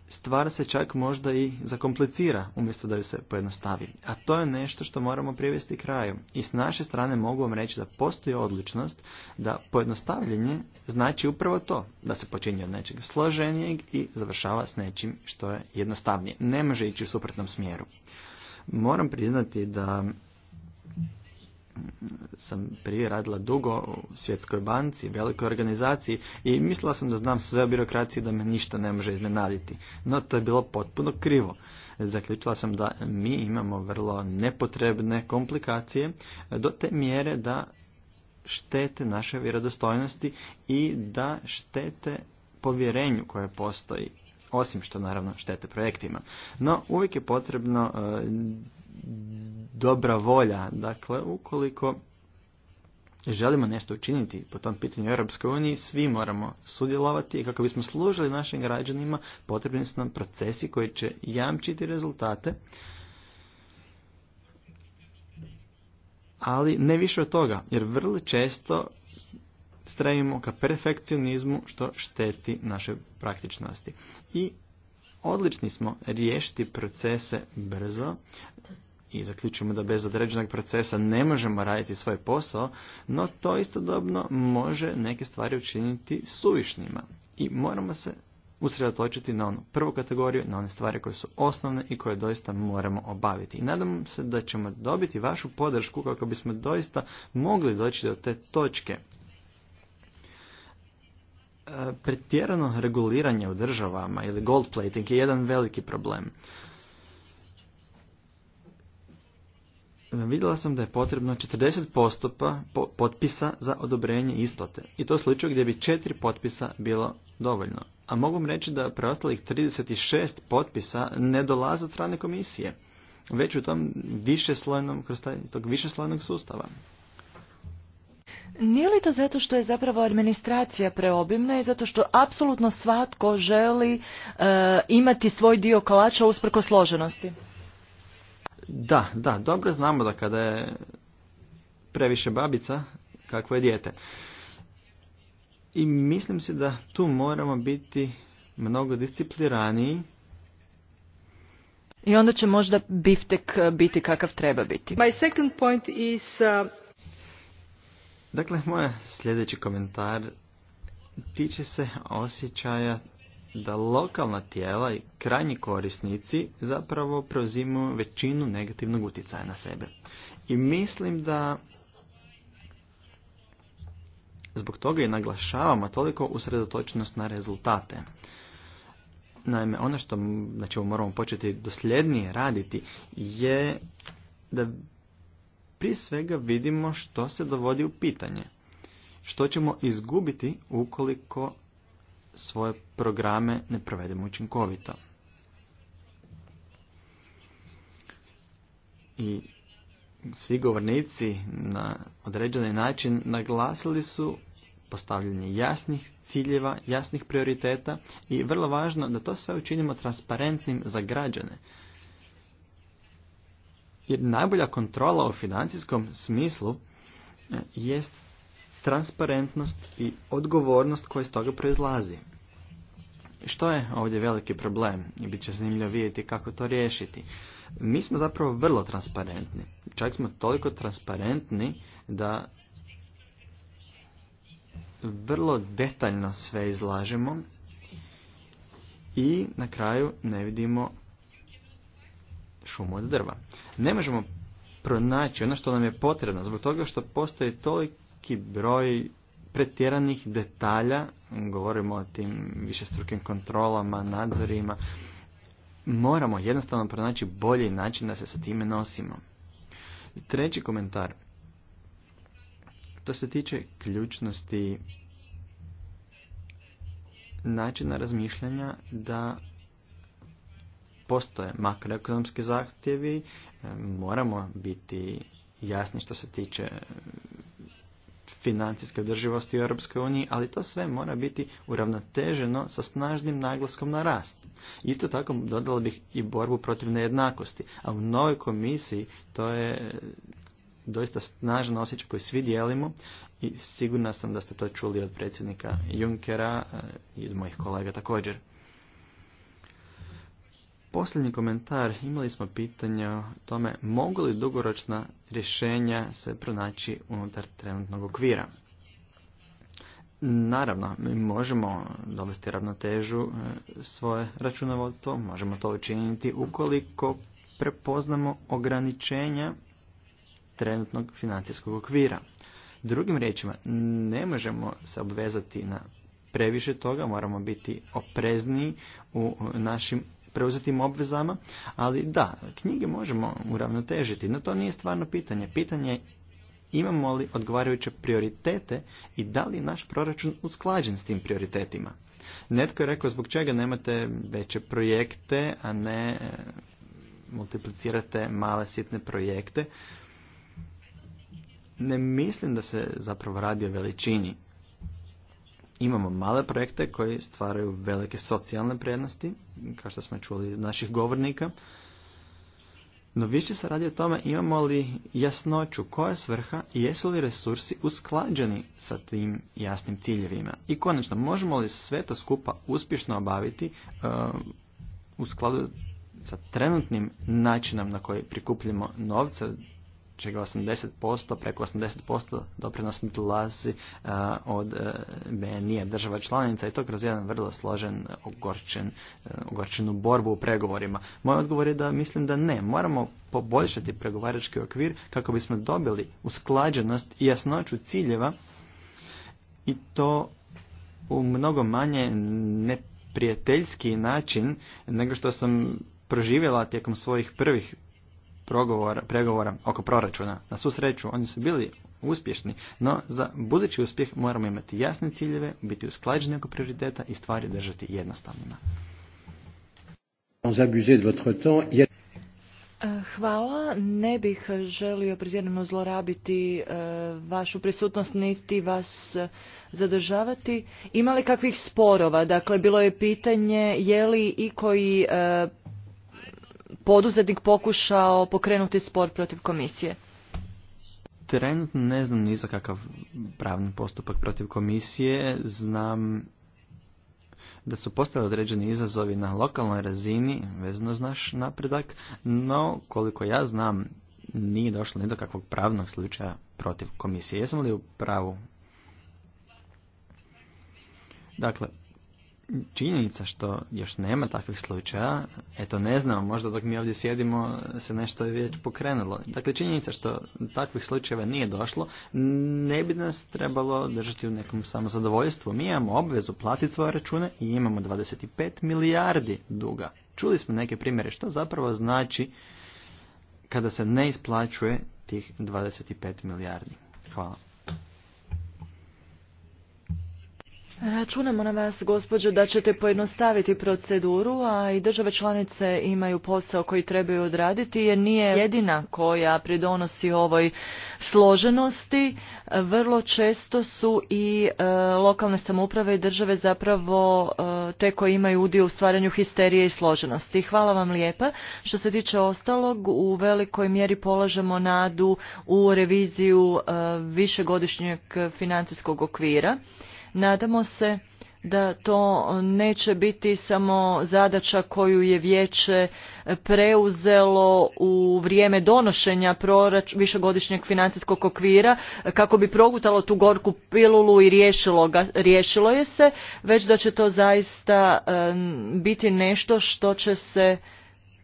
stvar se čak možda i zakomplicira umjesto da ju se pojednostavi. A to je nešto što moramo privesti kraju. I s naše strane mogu vam reći da postoji odličnost da pojednostavljenje znači upravo to. Da se počinje od nečeg složenijeg i završava s nečim što je jednostavnije. Ne može ići u suprotnom smjeru. Moram priznati da sam prije radila dugo u svjetskoj banci, velikoj organizaciji i mislila sam da znam sve o birokraciji da me ništa ne može iznenaditi. No to je bilo potpuno krivo. Zaključila sam da mi imamo vrlo nepotrebne komplikacije do te mjere da štete naše vjerodostojnosti i da štete povjerenju koje postoji osim što naravno štete projektima. No, uvijek je potrebno e, dobra volja. Dakle, ukoliko želimo nešto učiniti po tom pitanju u Europskoj uniji, svi moramo sudjelovati i kako bismo služili našim građanima, potrebni su nam procesi koji će jamčiti rezultate, ali ne više od toga, jer vrlo često stremimo ka perfekcionizmu što šteti našoj praktičnosti. I odlični smo riješiti procese brzo i zaključujemo da bez određenog procesa ne možemo raditi svoj posao, no to istodobno može neke stvari učiniti suvišnjima. I moramo se usredotočiti na onu prvu kategoriju, na one stvari koje su osnovne i koje doista moramo obaviti. I nadam se da ćemo dobiti vašu podršku kako bismo doista mogli doći do te točke pretjerano reguliranje u državama ili gold plating je jedan veliki problem. Vidjela sam da je potrebno 40 postupa potpisa za odobrenje isplate. I to slučaj gdje bi četiri potpisa bilo dovoljno. A mogu reći da preostalih 36 potpisa ne dolaze od strane komisije. Već u tom višeslojnom, kroz tog višeslojnog sustava. Nije li to zato što je zapravo administracija preobimna i zato što apsolutno svatko želi e, imati svoj dio kolača usprko složenosti? Da, da, dobro znamo da kada je previše babica, kakvo je dijete. I mislim se da tu moramo biti mnogo discipliraniji. I onda će možda biftek biti kakav treba biti. My second point is uh, Dakle, moj sljedeći komentar tiče se osjećaja da lokalna tijela i krajnji korisnici zapravo preuzimaju većinu negativnog utjecaja na sebe. I mislim da zbog toga i naglašavamo toliko usredotočenost na rezultate. Naime, ono što moramo početi dosljednije raditi je da prije svega vidimo što se dovodi u pitanje. Što ćemo izgubiti ukoliko svoje programe ne provedemo učinkovito. I svi govornici na određeni način naglasili su postavljanje jasnih ciljeva, jasnih prioriteta i vrlo važno da to sve učinimo transparentnim za građane. Jer najbolja kontrola u financijskom smislu e, jest transparentnost i odgovornost koja iz toga proizlazi. Što je ovdje veliki problem i bit će zanimljivo vidjeti kako to riješiti. Mi smo zapravo vrlo transparentni. Čak smo toliko transparentni da vrlo detaljno sve izlažemo i na kraju ne vidimo šumu od drva. Ne možemo pronaći ono što nam je potrebno zbog toga što postoji toliki broj pretjeranih detalja, govorimo o tim višestrukim kontrolama, nadzorima, moramo jednostavno pronaći bolji način da se sa time nosimo. Treći komentar. To se tiče ključnosti načina razmišljanja da postoje makroekonomski zahtjevi, e, moramo biti jasni što se tiče financijske održivosti u EU, ali to sve mora biti uravnoteženo sa snažnim naglaskom na rast. Isto tako dodala bih i borbu protiv nejednakosti, a u novoj komisiji to je doista snažan osjećaj koji svi dijelimo i sigurna sam da ste to čuli od predsjednika Junckera e, i od mojih kolega također. Posljednji komentar, imali smo pitanje o tome mogu li dugoročna rješenja se pronaći unutar trenutnog okvira. Naravno, mi možemo dovesti ravnotežu e, svoje računovodstvo, možemo to učiniti ukoliko prepoznamo ograničenja trenutnog financijskog okvira. Drugim riječima, ne možemo se obvezati na previše toga, moramo biti oprezniji u našim preuzetim obvezama, ali da, knjige možemo uravnotežiti, no to nije stvarno pitanje. Pitanje imamo li odgovarajuće prioritete i da li je naš proračun usklađen s tim prioritetima. Netko je rekao zbog čega nemate veće projekte, a ne e, multiplicirate male sitne projekte. Ne mislim da se zapravo radi o veličini imamo male projekte koji stvaraju velike socijalne prednosti, kao što smo čuli od naših govornika. No više se radi o tome imamo li jasnoću koja svrha i jesu li resursi usklađeni sa tim jasnim ciljevima. I konačno, možemo li sve to skupa uspješno obaviti uh, u skladu sa trenutnim načinom na koji prikupljamo novce čega 80%, preko 80% doprinos dolazi od e, bni država članica i to kroz jedan vrlo složen ogorčen, e, ogorčenu borbu u pregovorima. Moj odgovor je da mislim da ne. Moramo poboljšati pregovarački okvir kako bismo dobili usklađenost i jasnoću ciljeva i to u mnogo manje neprijateljski način nego što sam proživjela tijekom svojih prvih pregovora oko proračuna. Na svu sreću, oni su bili uspješni, no za budući uspjeh moramo imati jasne ciljeve, biti usklađeni oko prioriteta i stvari držati jednostavnima. Eh, hvala. Ne bih želio pretjerano zlorabiti eh, vašu prisutnost niti vas eh, zadržavati. Imali kakvih sporova? Dakle, bilo je pitanje je li i koji poduzetnik pokušao pokrenuti spor protiv komisije? Trenutno ne znam ni za kakav pravni postupak protiv komisije. Znam da su postali određeni izazovi na lokalnoj razini vezano uz napredak, no koliko ja znam nije došlo ni do kakvog pravnog slučaja protiv komisije. Jesam li u pravu? Dakle, činjenica što još nema takvih slučaja, eto ne znam, možda dok mi ovdje sjedimo se nešto je već pokrenulo. Dakle, činjenica što takvih slučajeva nije došlo, ne bi nas trebalo držati u nekom samozadovoljstvu. Mi imamo obvezu platiti svoje račune i imamo 25 milijardi duga. Čuli smo neke primjere što zapravo znači kada se ne isplaćuje tih 25 milijardi. Hvala. Računamo na vas, gospođo, da ćete pojednostaviti proceduru, a i države članice imaju posao koji trebaju odraditi, jer nije jedina koja pridonosi ovoj složenosti. Vrlo često su i e, lokalne samouprave i države zapravo e, te koje imaju udio u stvaranju histerije i složenosti. Hvala vam lijepa. Što se tiče ostalog, u velikoj mjeri polažemo nadu u reviziju e, višegodišnjeg financijskog okvira. Nadamo se da to neće biti samo zadaća koju je vijeće preuzelo u vrijeme donošenja prorač, višegodišnjeg financijskog okvira kako bi progutalo tu gorku pilulu i riješilo, ga, riješilo je se, već da će to zaista e, biti nešto što će se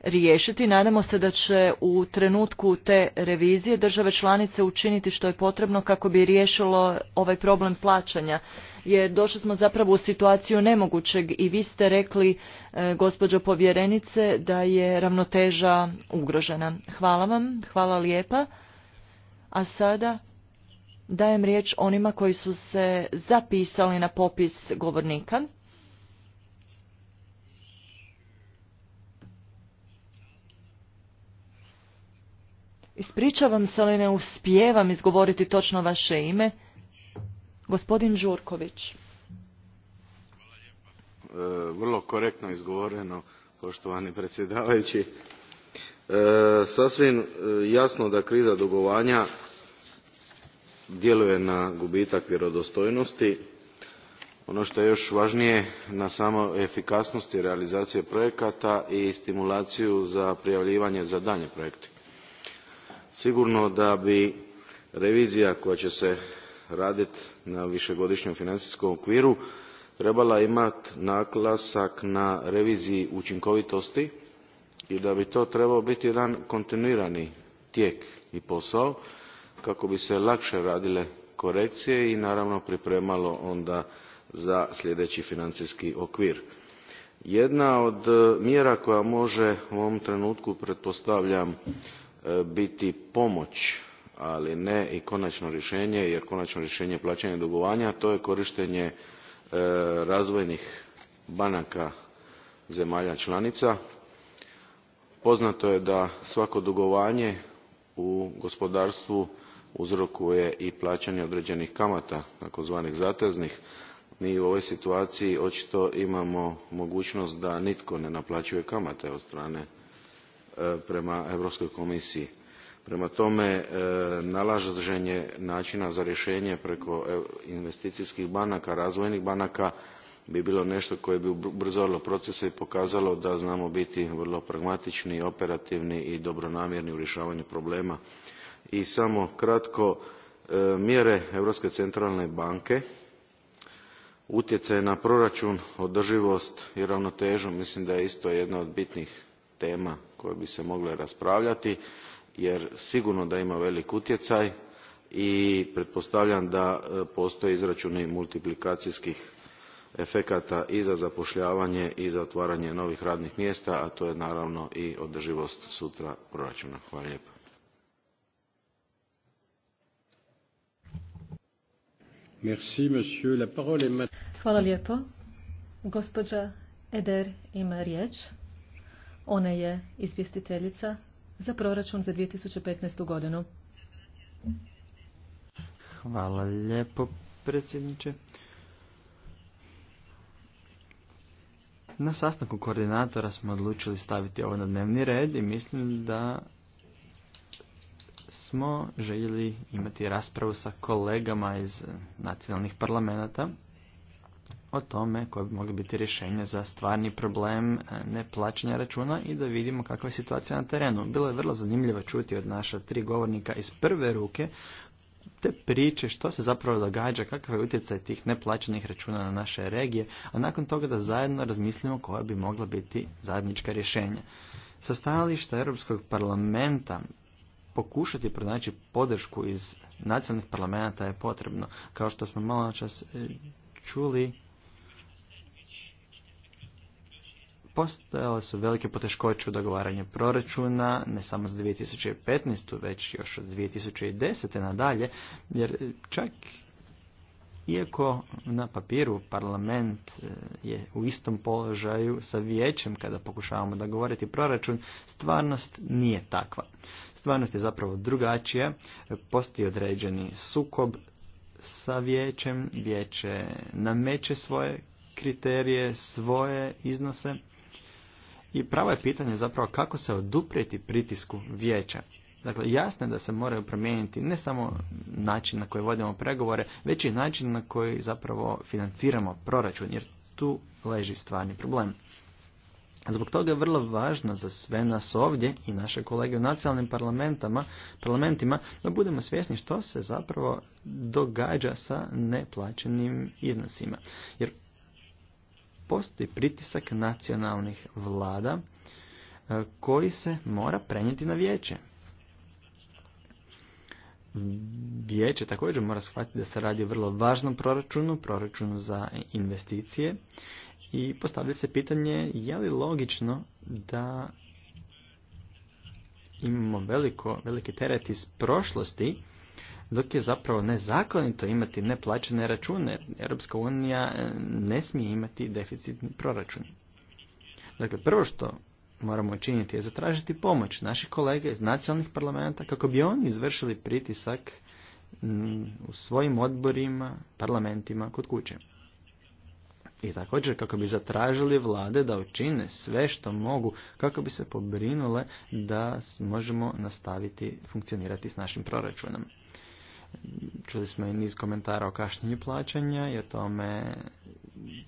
riješiti. Nadamo se da će u trenutku te revizije države članice učiniti što je potrebno kako bi riješilo ovaj problem plaćanja jer došli smo zapravo u situaciju nemogućeg i vi ste rekli, e, gospođo povjerenice, da je ravnoteža ugrožena. Hvala vam, hvala lijepa. A sada dajem riječ onima koji su se zapisali na popis govornika. Ispričavam se, li ne uspijevam izgovoriti točno vaše ime. Gospodin Žurković. E, vrlo korektno izgovoreno, poštovani predsjedavajući. E, sasvim e, jasno da kriza dugovanja djeluje na gubitak vjerodostojnosti. Ono što je još važnije na samo efikasnosti realizacije projekata i stimulaciju za prijavljivanje za daljnje projekte. Sigurno da bi revizija koja će se raditi na višegodišnjem financijskom okviru trebala imati naglasak na reviziji učinkovitosti i da bi to trebao biti jedan kontinuirani tijek i posao kako bi se lakše radile korekcije i naravno pripremalo onda za sljedeći financijski okvir. Jedna od e, mjera koja može u ovom trenutku pretpostavljam e, biti pomoć ali ne i konačno rješenje jer konačno rješenje plaćanja dugovanja to je korištenje e, razvojnih banaka zemalja članica. Poznato je da svako dugovanje u gospodarstvu uzrokuje i plaćanje određenih kamata, takozvanih zateznih. Mi u ovoj situaciji očito imamo mogućnost da nitko ne naplaćuje kamate od strane e, prema Europskoj komisiji prema tome e, nalaženje načina za rješenje preko e, investicijskih banaka razvojnih banaka bi bilo nešto koje bi ubrzalo procese i pokazalo da znamo biti vrlo pragmatični operativni i dobronamjerni u rješavanju problema i samo kratko e, mjere europske centralne banke utjecaj na proračun održivost i ravnotežu mislim da je isto jedna od bitnih tema koje bi se mogle raspravljati jer sigurno da ima velik utjecaj i pretpostavljam da e, postoje izračuni multiplikacijskih efekata i za zapošljavanje i za otvaranje novih radnih mjesta, a to je naravno i održivost sutra proračuna. Hvala lijepo. Gospođa Eder ima riječ. Ona je izvjestiteljica za proračun za 2015. godinu. Hvala lijepo, predsjedniče. Na sastanku koordinatora smo odlučili staviti ovo na dnevni red i mislim da smo željeli imati raspravu sa kolegama iz nacionalnih parlamenta o tome koje bi mogli biti rješenje za stvarni problem e, neplaćanja računa i da vidimo kakva je situacija na terenu. Bilo je vrlo zanimljivo čuti od naša tri govornika iz prve ruke te priče što se zapravo događa, kakav je utjecaj tih neplaćenih računa na naše regije, a nakon toga da zajedno razmislimo koja bi mogla biti zajednička rješenja. Sa stajališta Europskog parlamenta pokušati pronaći podršku iz nacionalnih parlamenta je potrebno. Kao što smo malo čas e, čuli, postojale su velike poteškoće u dogovaranju proračuna, ne samo za 2015. već još od 2010. nadalje, jer čak iako na papiru parlament eh, je u istom položaju sa vijećem kada pokušavamo dogovoriti proračun, stvarnost nije takva. Stvarnost je zapravo drugačija, postoji određeni sukob sa vijećem, vijeće nameće svoje kriterije, svoje iznose i pravo je pitanje zapravo kako se oduprijeti pritisku vijeća. Dakle, jasno je da se moraju promijeniti ne samo način na koji vodimo pregovore, već i način na koji zapravo financiramo proračun, jer tu leži stvarni problem. Zbog toga je vrlo važno za sve nas ovdje i naše kolege u nacionalnim parlamentama, parlamentima da budemo svjesni što se zapravo događa sa neplaćenim iznosima. Jer postoji pritisak nacionalnih vlada e, koji se mora prenijeti na vijeće. Vijeće također mora shvatiti da se radi o vrlo važnom proračunu, proračunu za investicije i postavlja se pitanje je li logično da imamo veliko, veliki teret iz prošlosti, dok je zapravo nezakonito imati neplaćene račune. Europska unija e, ne smije imati deficitni proračun. Dakle, prvo što moramo učiniti je zatražiti pomoć naših kolega iz nacionalnih parlamenta kako bi oni izvršili pritisak u svojim odborima, parlamentima kod kuće i također kako bi zatražili vlade da učine sve što mogu kako bi se pobrinule da možemo nastaviti funkcionirati s našim proračunom. Čuli smo i niz komentara o kašnjenju plaćanja i o tome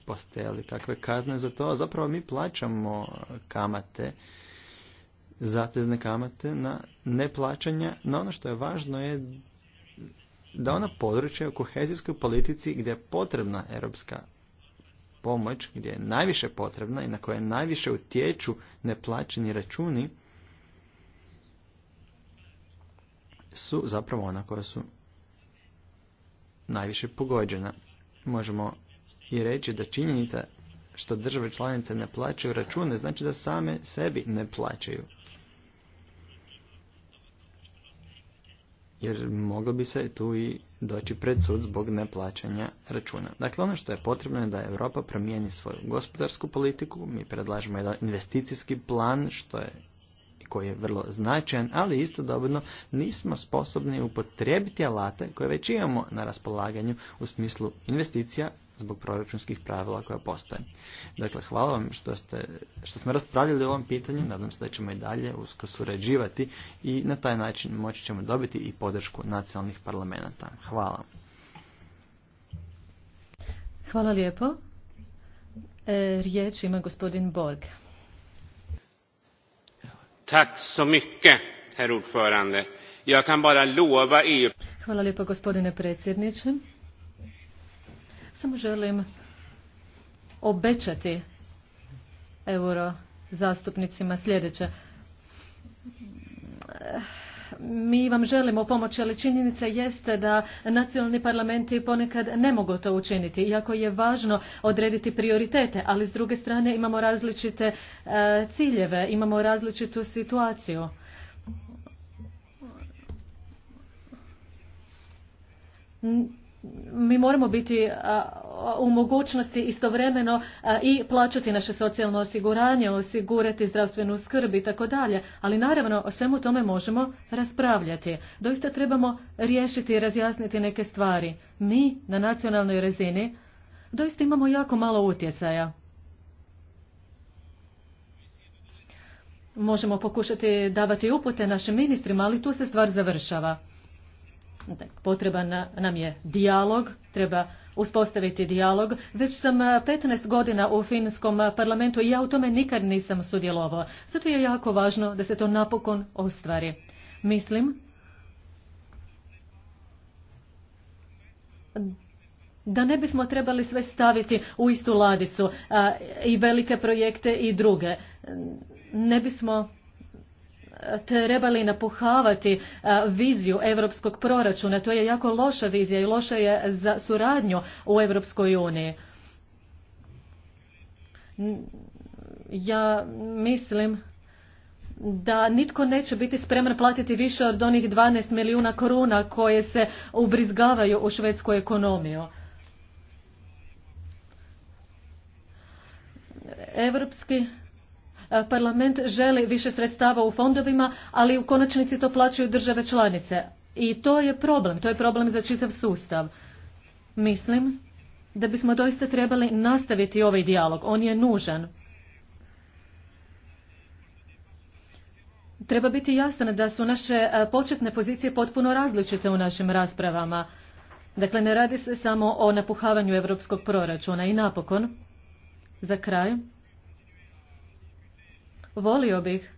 postoje kakve kazne za to. Zapravo mi plaćamo kamate, zatezne kamate na neplaćanja. No ono što je važno je da ona područja u kohezijskoj politici gdje je potrebna europska pomoć gdje je najviše potrebna i na koje najviše utječu neplaćeni računi su zapravo ona koja su najviše pogođena. Možemo i reći da činjenica što države članice ne plaćaju račune znači da same sebi ne plaćaju jer moglo bi se tu i doći pred sud zbog neplaćanja računa. Dakle, ono što je potrebno je da Europa promijeni svoju gospodarsku politiku, mi predlažemo jedan investicijski plan što je koji je vrlo značajan, ali istodobno nismo sposobni upotrijebiti alate koje već imamo na raspolaganju u smislu investicija zbog proračunskih pravila koja postoje. Dakle, hvala vam što, ste, što smo raspravljali o ovom pitanju, nadam se da ćemo i dalje usko surađivati i na taj način moći ćemo dobiti i podršku nacionalnih parlamenta. Hvala. Hvala lijepo. E, riječ ima gospodin Borg. Tack so mycket, herr ordförande. Jag kan bara lova EU... Hvala lijepo gospodine predsjedniče. Samo želim obećati euro zastupnicima sljedeće. Mi vam želimo pomoći, ali činjenica jeste da nacionalni parlamenti ponekad ne mogu to učiniti, iako je važno odrediti prioritete, ali s druge strane imamo različite e, ciljeve, imamo različitu situaciju mi moramo biti u mogućnosti istovremeno i plaćati naše socijalno osiguranje, osigurati zdravstvenu skrb i tako dalje. Ali naravno o svemu tome možemo raspravljati. Doista trebamo riješiti i razjasniti neke stvari. Mi na nacionalnoj razini doista imamo jako malo utjecaja. Možemo pokušati davati upute našim ministrima, ali tu se stvar završava. Dakle, potreban nam je dijalog, treba uspostaviti dijalog. Već sam 15 e, godina u finskom e, parlamentu i ja u tome nikad nisam sudjelovao. Zato je jako važno da se to napokon ostvari. Mislim da ne bismo trebali sve staviti u istu ladicu e, i velike projekte i druge. Ne bismo trebali napuhavati e, viziju europskog proračuna. To je jako loša vizija i loša je za suradnju u Europskoj uniji. Ja mislim da nitko neće biti spreman platiti više od onih 12 milijuna koruna koje se ubrizgavaju u švedsku ekonomiju. Europski E, parlament želi više sredstava u fondovima, ali u konačnici to plaćaju države članice. I to je problem, to je problem za čitav sustav. Mislim da bismo doista trebali nastaviti ovaj dijalog, on je nužan. Treba biti jasno da su naše e, početne pozicije potpuno različite u našim raspravama. Dakle, ne radi se samo o napuhavanju europskog proračuna i napokon, za kraj, Volio bih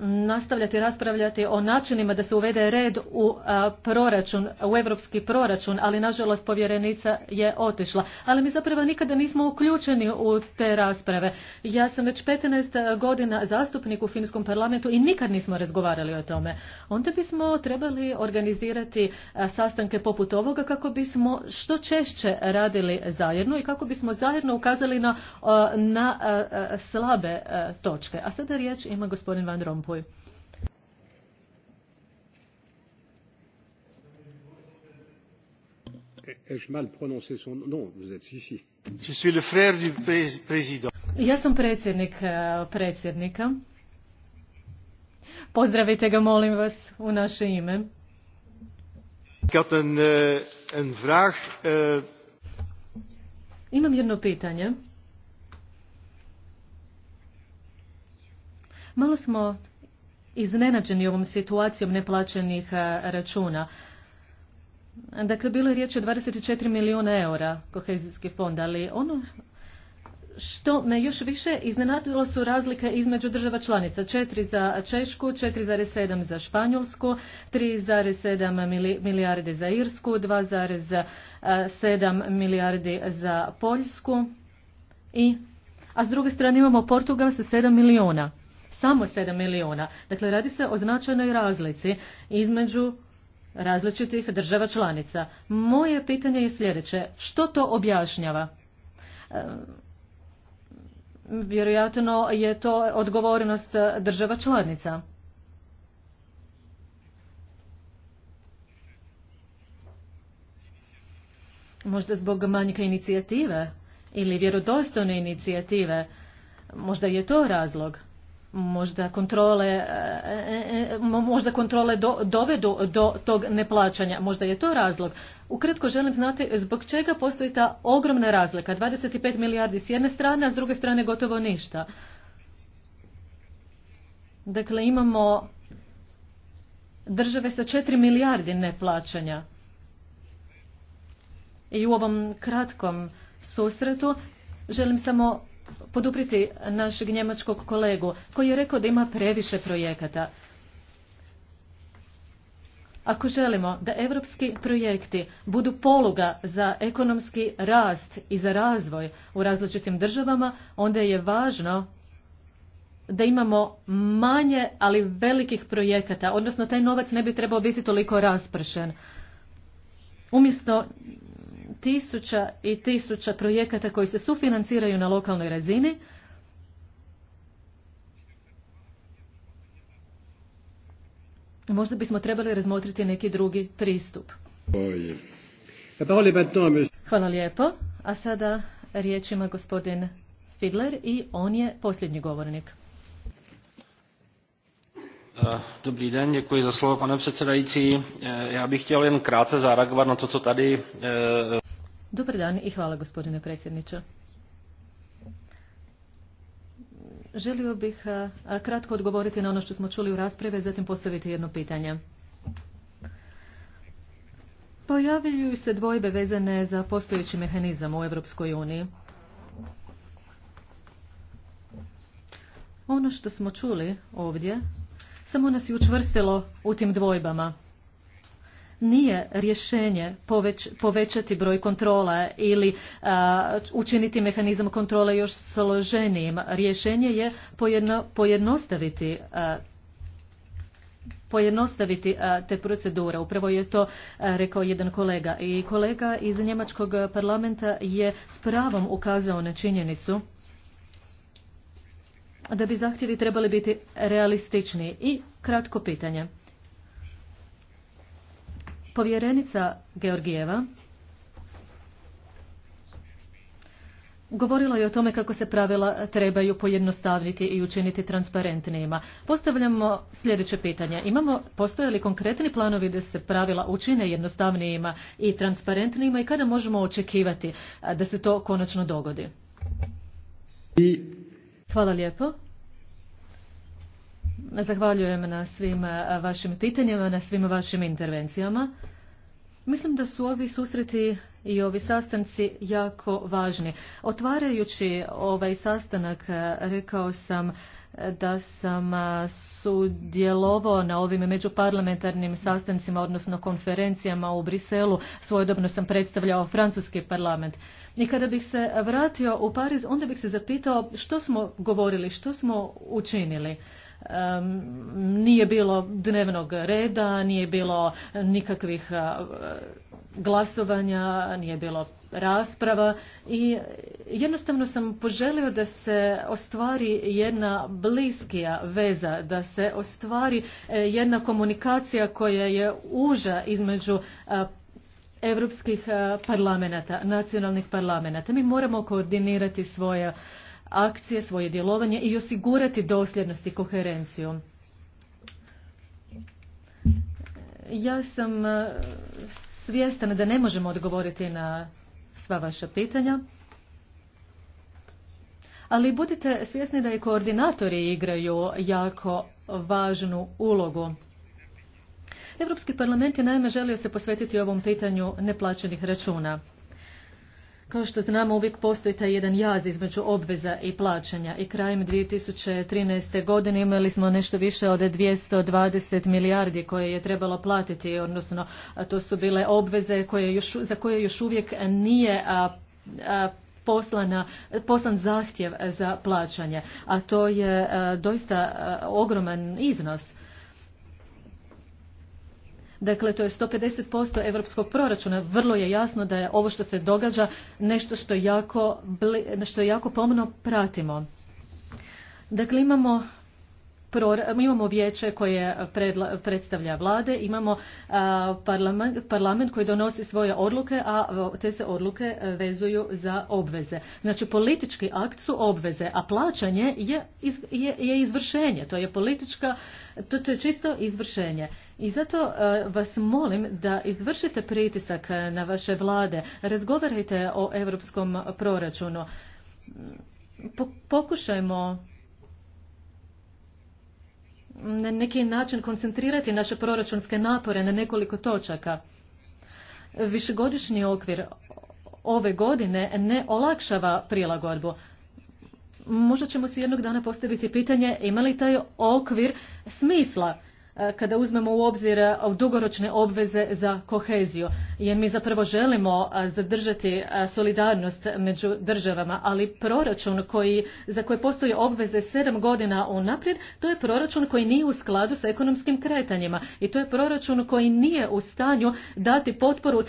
nastavljati raspravljati o načinima da se uvede red u e, proračun, u europski proračun, ali nažalost povjerenica je otišla. Ali mi zapravo nikada nismo uključeni u te rasprave. Ja sam već 15 godina zastupnik u Finskom parlamentu i nikad nismo razgovarali o tome. Onda bismo trebali organizirati e, sastanke poput ovoga kako bismo što češće radili zajedno i kako bismo zajedno ukazali na, e, na slabe točke. A sada riječ ima gospodin Van Rompuy président. Ja sam predsjednik eh, predsjednika. Pozdravite ga, molim vas, u naše ime. Eh, eh. Imam jedno pitanje. Malo smo iznenađeni ovom situacijom neplaćenih e, računa. Dakle, bilo je riječ o 24 milijuna eura kohezijski fond, ali ono što me još više iznenadilo su razlike između država članica. 4 za Češku, 4,7 za Španjolsku, 3,7 milijarde za Irsku, 2,7 milijardi za Poljsku. I, a s druge strane imamo Portugal sa 7 milijuna samo 7 milijuna. Dakle, radi se o značajnoj razlici između različitih država članica. Moje pitanje je sljedeće. Što to objašnjava? Ehm, vjerojatno je to odgovornost država članica. Možda zbog manjka inicijative ili vjerodostojne inicijative. Možda je to razlog možda kontrole, e, e, e, možda kontrole dovedu do tog neplaćanja. Možda je to razlog. Ukratko želim znati zbog čega postoji ta ogromna razlika. 25 milijardi s jedne strane, a s druge strane gotovo ništa. Dakle, imamo države sa 4 milijardi neplaćanja. I u ovom kratkom susretu želim samo podupriti našeg njemačkog kolegu koji je rekao da ima previše projekata. Ako želimo da evropski projekti budu poluga za ekonomski rast i za razvoj u različitim državama, onda je važno da imamo manje, ali velikih projekata, odnosno taj novac ne bi trebao biti toliko raspršen. Umjesto tisuća i tisuća projekata koji se sufinanciraju na lokalnoj razini možda bismo trebali razmotriti neki drugi pristup. Hvala lijepo. A sada riječ ima gospodin Fidler i on je posljednji govornik. Eh, dobrý den, děkuji za slovo, pane předsedající. Eh, já bych chtěl jen krátce zareagovat na to, co tady... Eh, Dobar dan i hvala, gospodine predsjedniče. Želio bih kratko odgovoriti na ono što smo čuli u raspravi, zatim postaviti jedno pitanje. Pojavljuju se dvojbe vezane za postojeći mehanizam u Europskoj uniji. Ono što smo čuli ovdje samo nas je učvrstilo u tim dvojbama. Nije rješenje poveć, povećati broj kontrola ili učiniti mehanizam kontrole još složenijim. Rješenje je pojednostaviti pojednostaviti te procedure. Upravo je to rekao jedan kolega. I kolega iz Njemačkog parlamenta je s pravom ukazao na činjenicu da bi zahtjevi trebali biti realistični. I kratko pitanje. Povjerenica Georgijeva govorila je o tome kako se pravila trebaju pojednostavniti i učiniti transparentnijima. Postavljamo sljedeće pitanje. Imamo, postoje li konkretni planovi da se pravila učine jednostavnijima i transparentnijima i kada možemo očekivati da se to konačno dogodi? I Hvala lijepo. Zahvaljujem na svim vašim pitanjima, na svim vašim intervencijama. Mislim da su ovi susreti i ovi sastanci jako važni. Otvarajući ovaj sastanak rekao sam da sam sudjelovao na ovim međuparlamentarnim sastancima, odnosno konferencijama u Briselu. Svojodobno sam predstavljao francuski parlament. I kada bih se vratio u Pariz, onda bih se zapitao što smo govorili, što smo učinili. nije bilo dnevnog reda, nije bilo nikakvih glasovanja, nije bilo rasprava i jednostavno sam poželio da se ostvari jedna bliskija veza, da se ostvari e, jedna komunikacija koja je uža između europskih e, parlamenta, nacionalnih parlamenta. Mi moramo koordinirati svoje akcije, svoje djelovanje i osigurati dosljednost i koherenciju. Ja sam e, svjestana da ne možemo odgovoriti na sva vaša pitanja. Ali budite svjesni da i koordinatori igraju jako važnu ulogu. Europski parlament je naime želio se posvetiti ovom pitanju neplaćenih računa. Kao što znamo, uvijek postoji taj jedan jaz između obveza i plaćanja i krajem 2013. godine imali smo nešto više od 220 milijardi koje je trebalo platiti, odnosno to su bile obveze koje još, za koje još uvijek nije a, poslana, poslan zahtjev za plaćanje, a to je doista ogroman iznos. Dakle, to je 150% europskog proračuna. Vrlo je jasno da je ovo što se događa nešto što jako, što jako pomno pratimo. Dakle, imamo imamo vijeće koje predstavlja vlade, imamo parlament koji donosi svoje odluke, a te se odluke e, vezuju za obveze. Znači politički akt su obveze, a plaćanje je, izvršenje, to je politička, to, je čisto izvršenje. I zato e, vas molim da izvršite pritisak na vaše vlade, razgovarajte o europskom proračunu. Pokušajmo na neki način koncentrirati naše proračunske napore na nekoliko točaka. Višegodišnji okvir ove godine ne olakšava prilagodbu. Možda ćemo si jednog dana postaviti pitanje ima li taj okvir smisla E, kada uzmemo u obzir e, dugoročne obveze za koheziju. Jer mi zapravo želimo e, zadržati solidarnost među državama, ali proračun koji, za koje postoje obveze sedam godina unaprijed, to je proračun koji nije u skladu sa ekonomskim kretanjima. I to je proračun koji nije u stanju dati potporu u,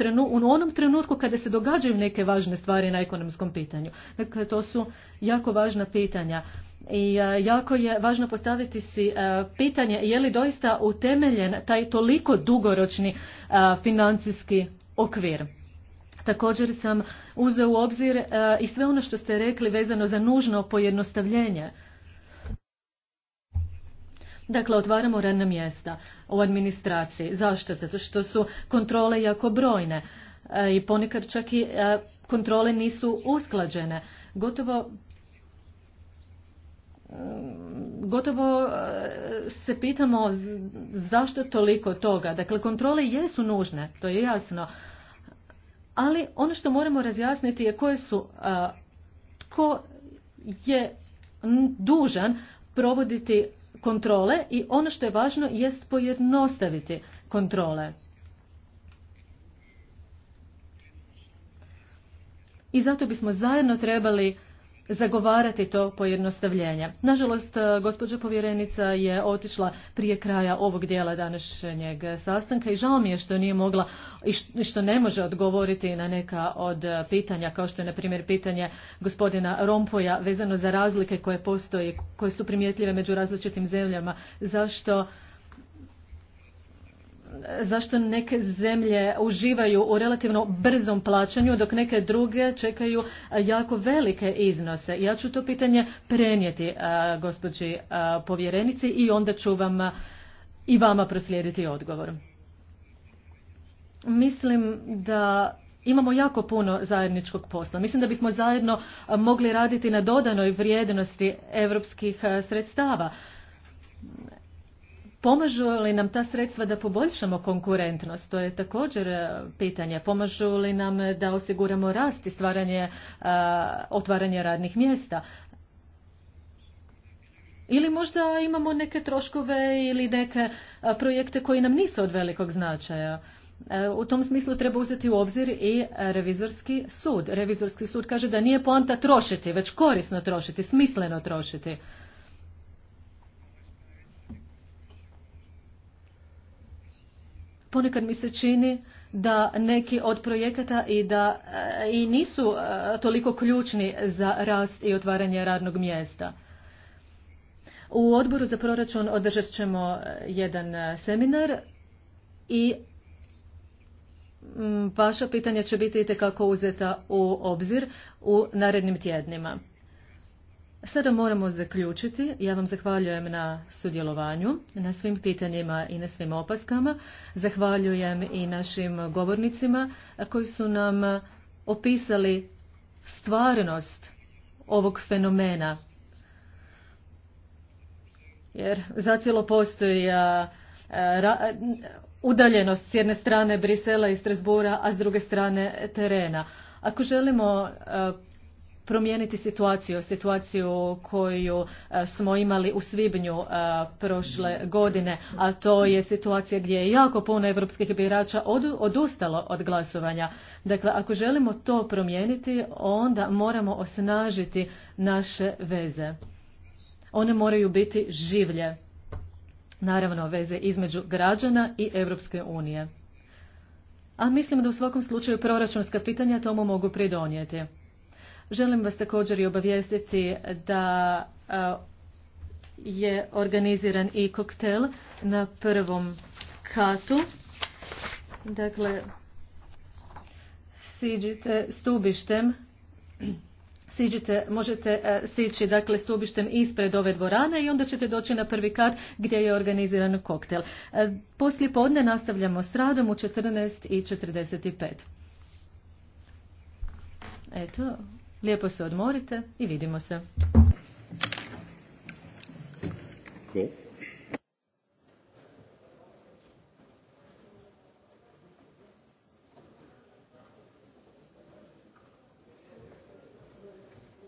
u onom trenutku kada se događaju neke važne stvari na ekonomskom pitanju. Dakle, to su jako važna pitanja. I e, jako je važno postaviti si e, pitanje je li doista utemeljen taj toliko dugoročni e, financijski okvir. Također sam uzeo u obzir i sve ono što ste rekli vezano za nužno pojednostavljenje. Dakle, otvaramo radna mjesta u administraciji. Zašto? Zato što su kontrole jako brojne i ponekad čak i kontrole nisu usklađene. Gotovo gotovo e, se pitamo zašto toliko toga. Dakle, kontrole jesu nužne, to je jasno. Ali ono što moramo razjasniti je koje su, e, tko je dužan provoditi kontrole i ono što je važno jest pojednostaviti kontrole. I zato bismo zajedno trebali zagovarati to pojednostavljenje. Nažalost, e, gospođa povjerenica je otišla prije kraja ovog dijela današnjeg sastanka i žao mi je što nije mogla i što ne može odgovoriti na neka od pitanja, kao što je na primjer pitanje gospodina Rompoja vezano za razlike koje postoji, koje su primjetljive među različitim zemljama. Zašto zašto neke zemlje uživaju u relativno brzom plaćanju, dok neke druge čekaju e, jako velike iznose. Ja ću to pitanje prenijeti e, gospođi e, povjerenici i onda ću vam i vama proslijediti odgovor. Mislim da imamo jako puno zajedničkog posla. Mislim da bismo zajedno mogli raditi na dodanoj vrijednosti europskih sredstava Pomažu li nam ta sredstva da poboljšamo konkurentnost? To je također e, pitanje. Pomažu li nam da osiguramo rast i stvaranje, e, otvaranje radnih mjesta? Ili možda imamo neke troškove ili neke e, projekte koji nam nisu od velikog značaja. U tom smislu treba uzeti u obzir i revizorski sud. Revizorski sud kaže da nije poanta trošiti, već korisno trošiti, smisleno trošiti. ponekad mi se čini da neki od projekata i da e, i nisu e, toliko ključni za rast i otvaranje radnog mjesta. U odboru za proračun održat ćemo e, jedan seminar i vaša pitanja će biti itekako uzeta u obzir u narednim tjednima. Sada moramo zaključiti. Ja vam zahvaljujem na sudjelovanju, na svim pitanjima i na svim opaskama. Zahvaljujem i našim govornicima koji su nam opisali stvarnost ovog fenomena. Jer zacijelo postoji udaljenost s jedne strane Brisela i Strasbura, a s druge strane terena. Ako želimo promijeniti situaciju, situaciju koju e, smo imali u svibnju e, prošle godine, a to je situacija gdje je jako puno evropskih birača odustalo od glasovanja. Dakle, ako želimo to promijeniti, onda moramo osnažiti naše veze. One moraju biti življe. Naravno, veze između građana i Europske unije. A mislim da u svakom slučaju proračunska pitanja tomu mogu pridonijeti. Želim vas također i obavijestiti da e, je organiziran i koktel na prvom katu. Dakle, siđite stubištem siđite, možete e, sići dakle stubištem ispred ove dvorane i onda ćete doći na prvi kat gdje je organiziran koktel. E, poslije podne nastavljamo s radom u 14.45. Eto, Lijepo se odmorite i vidimo se.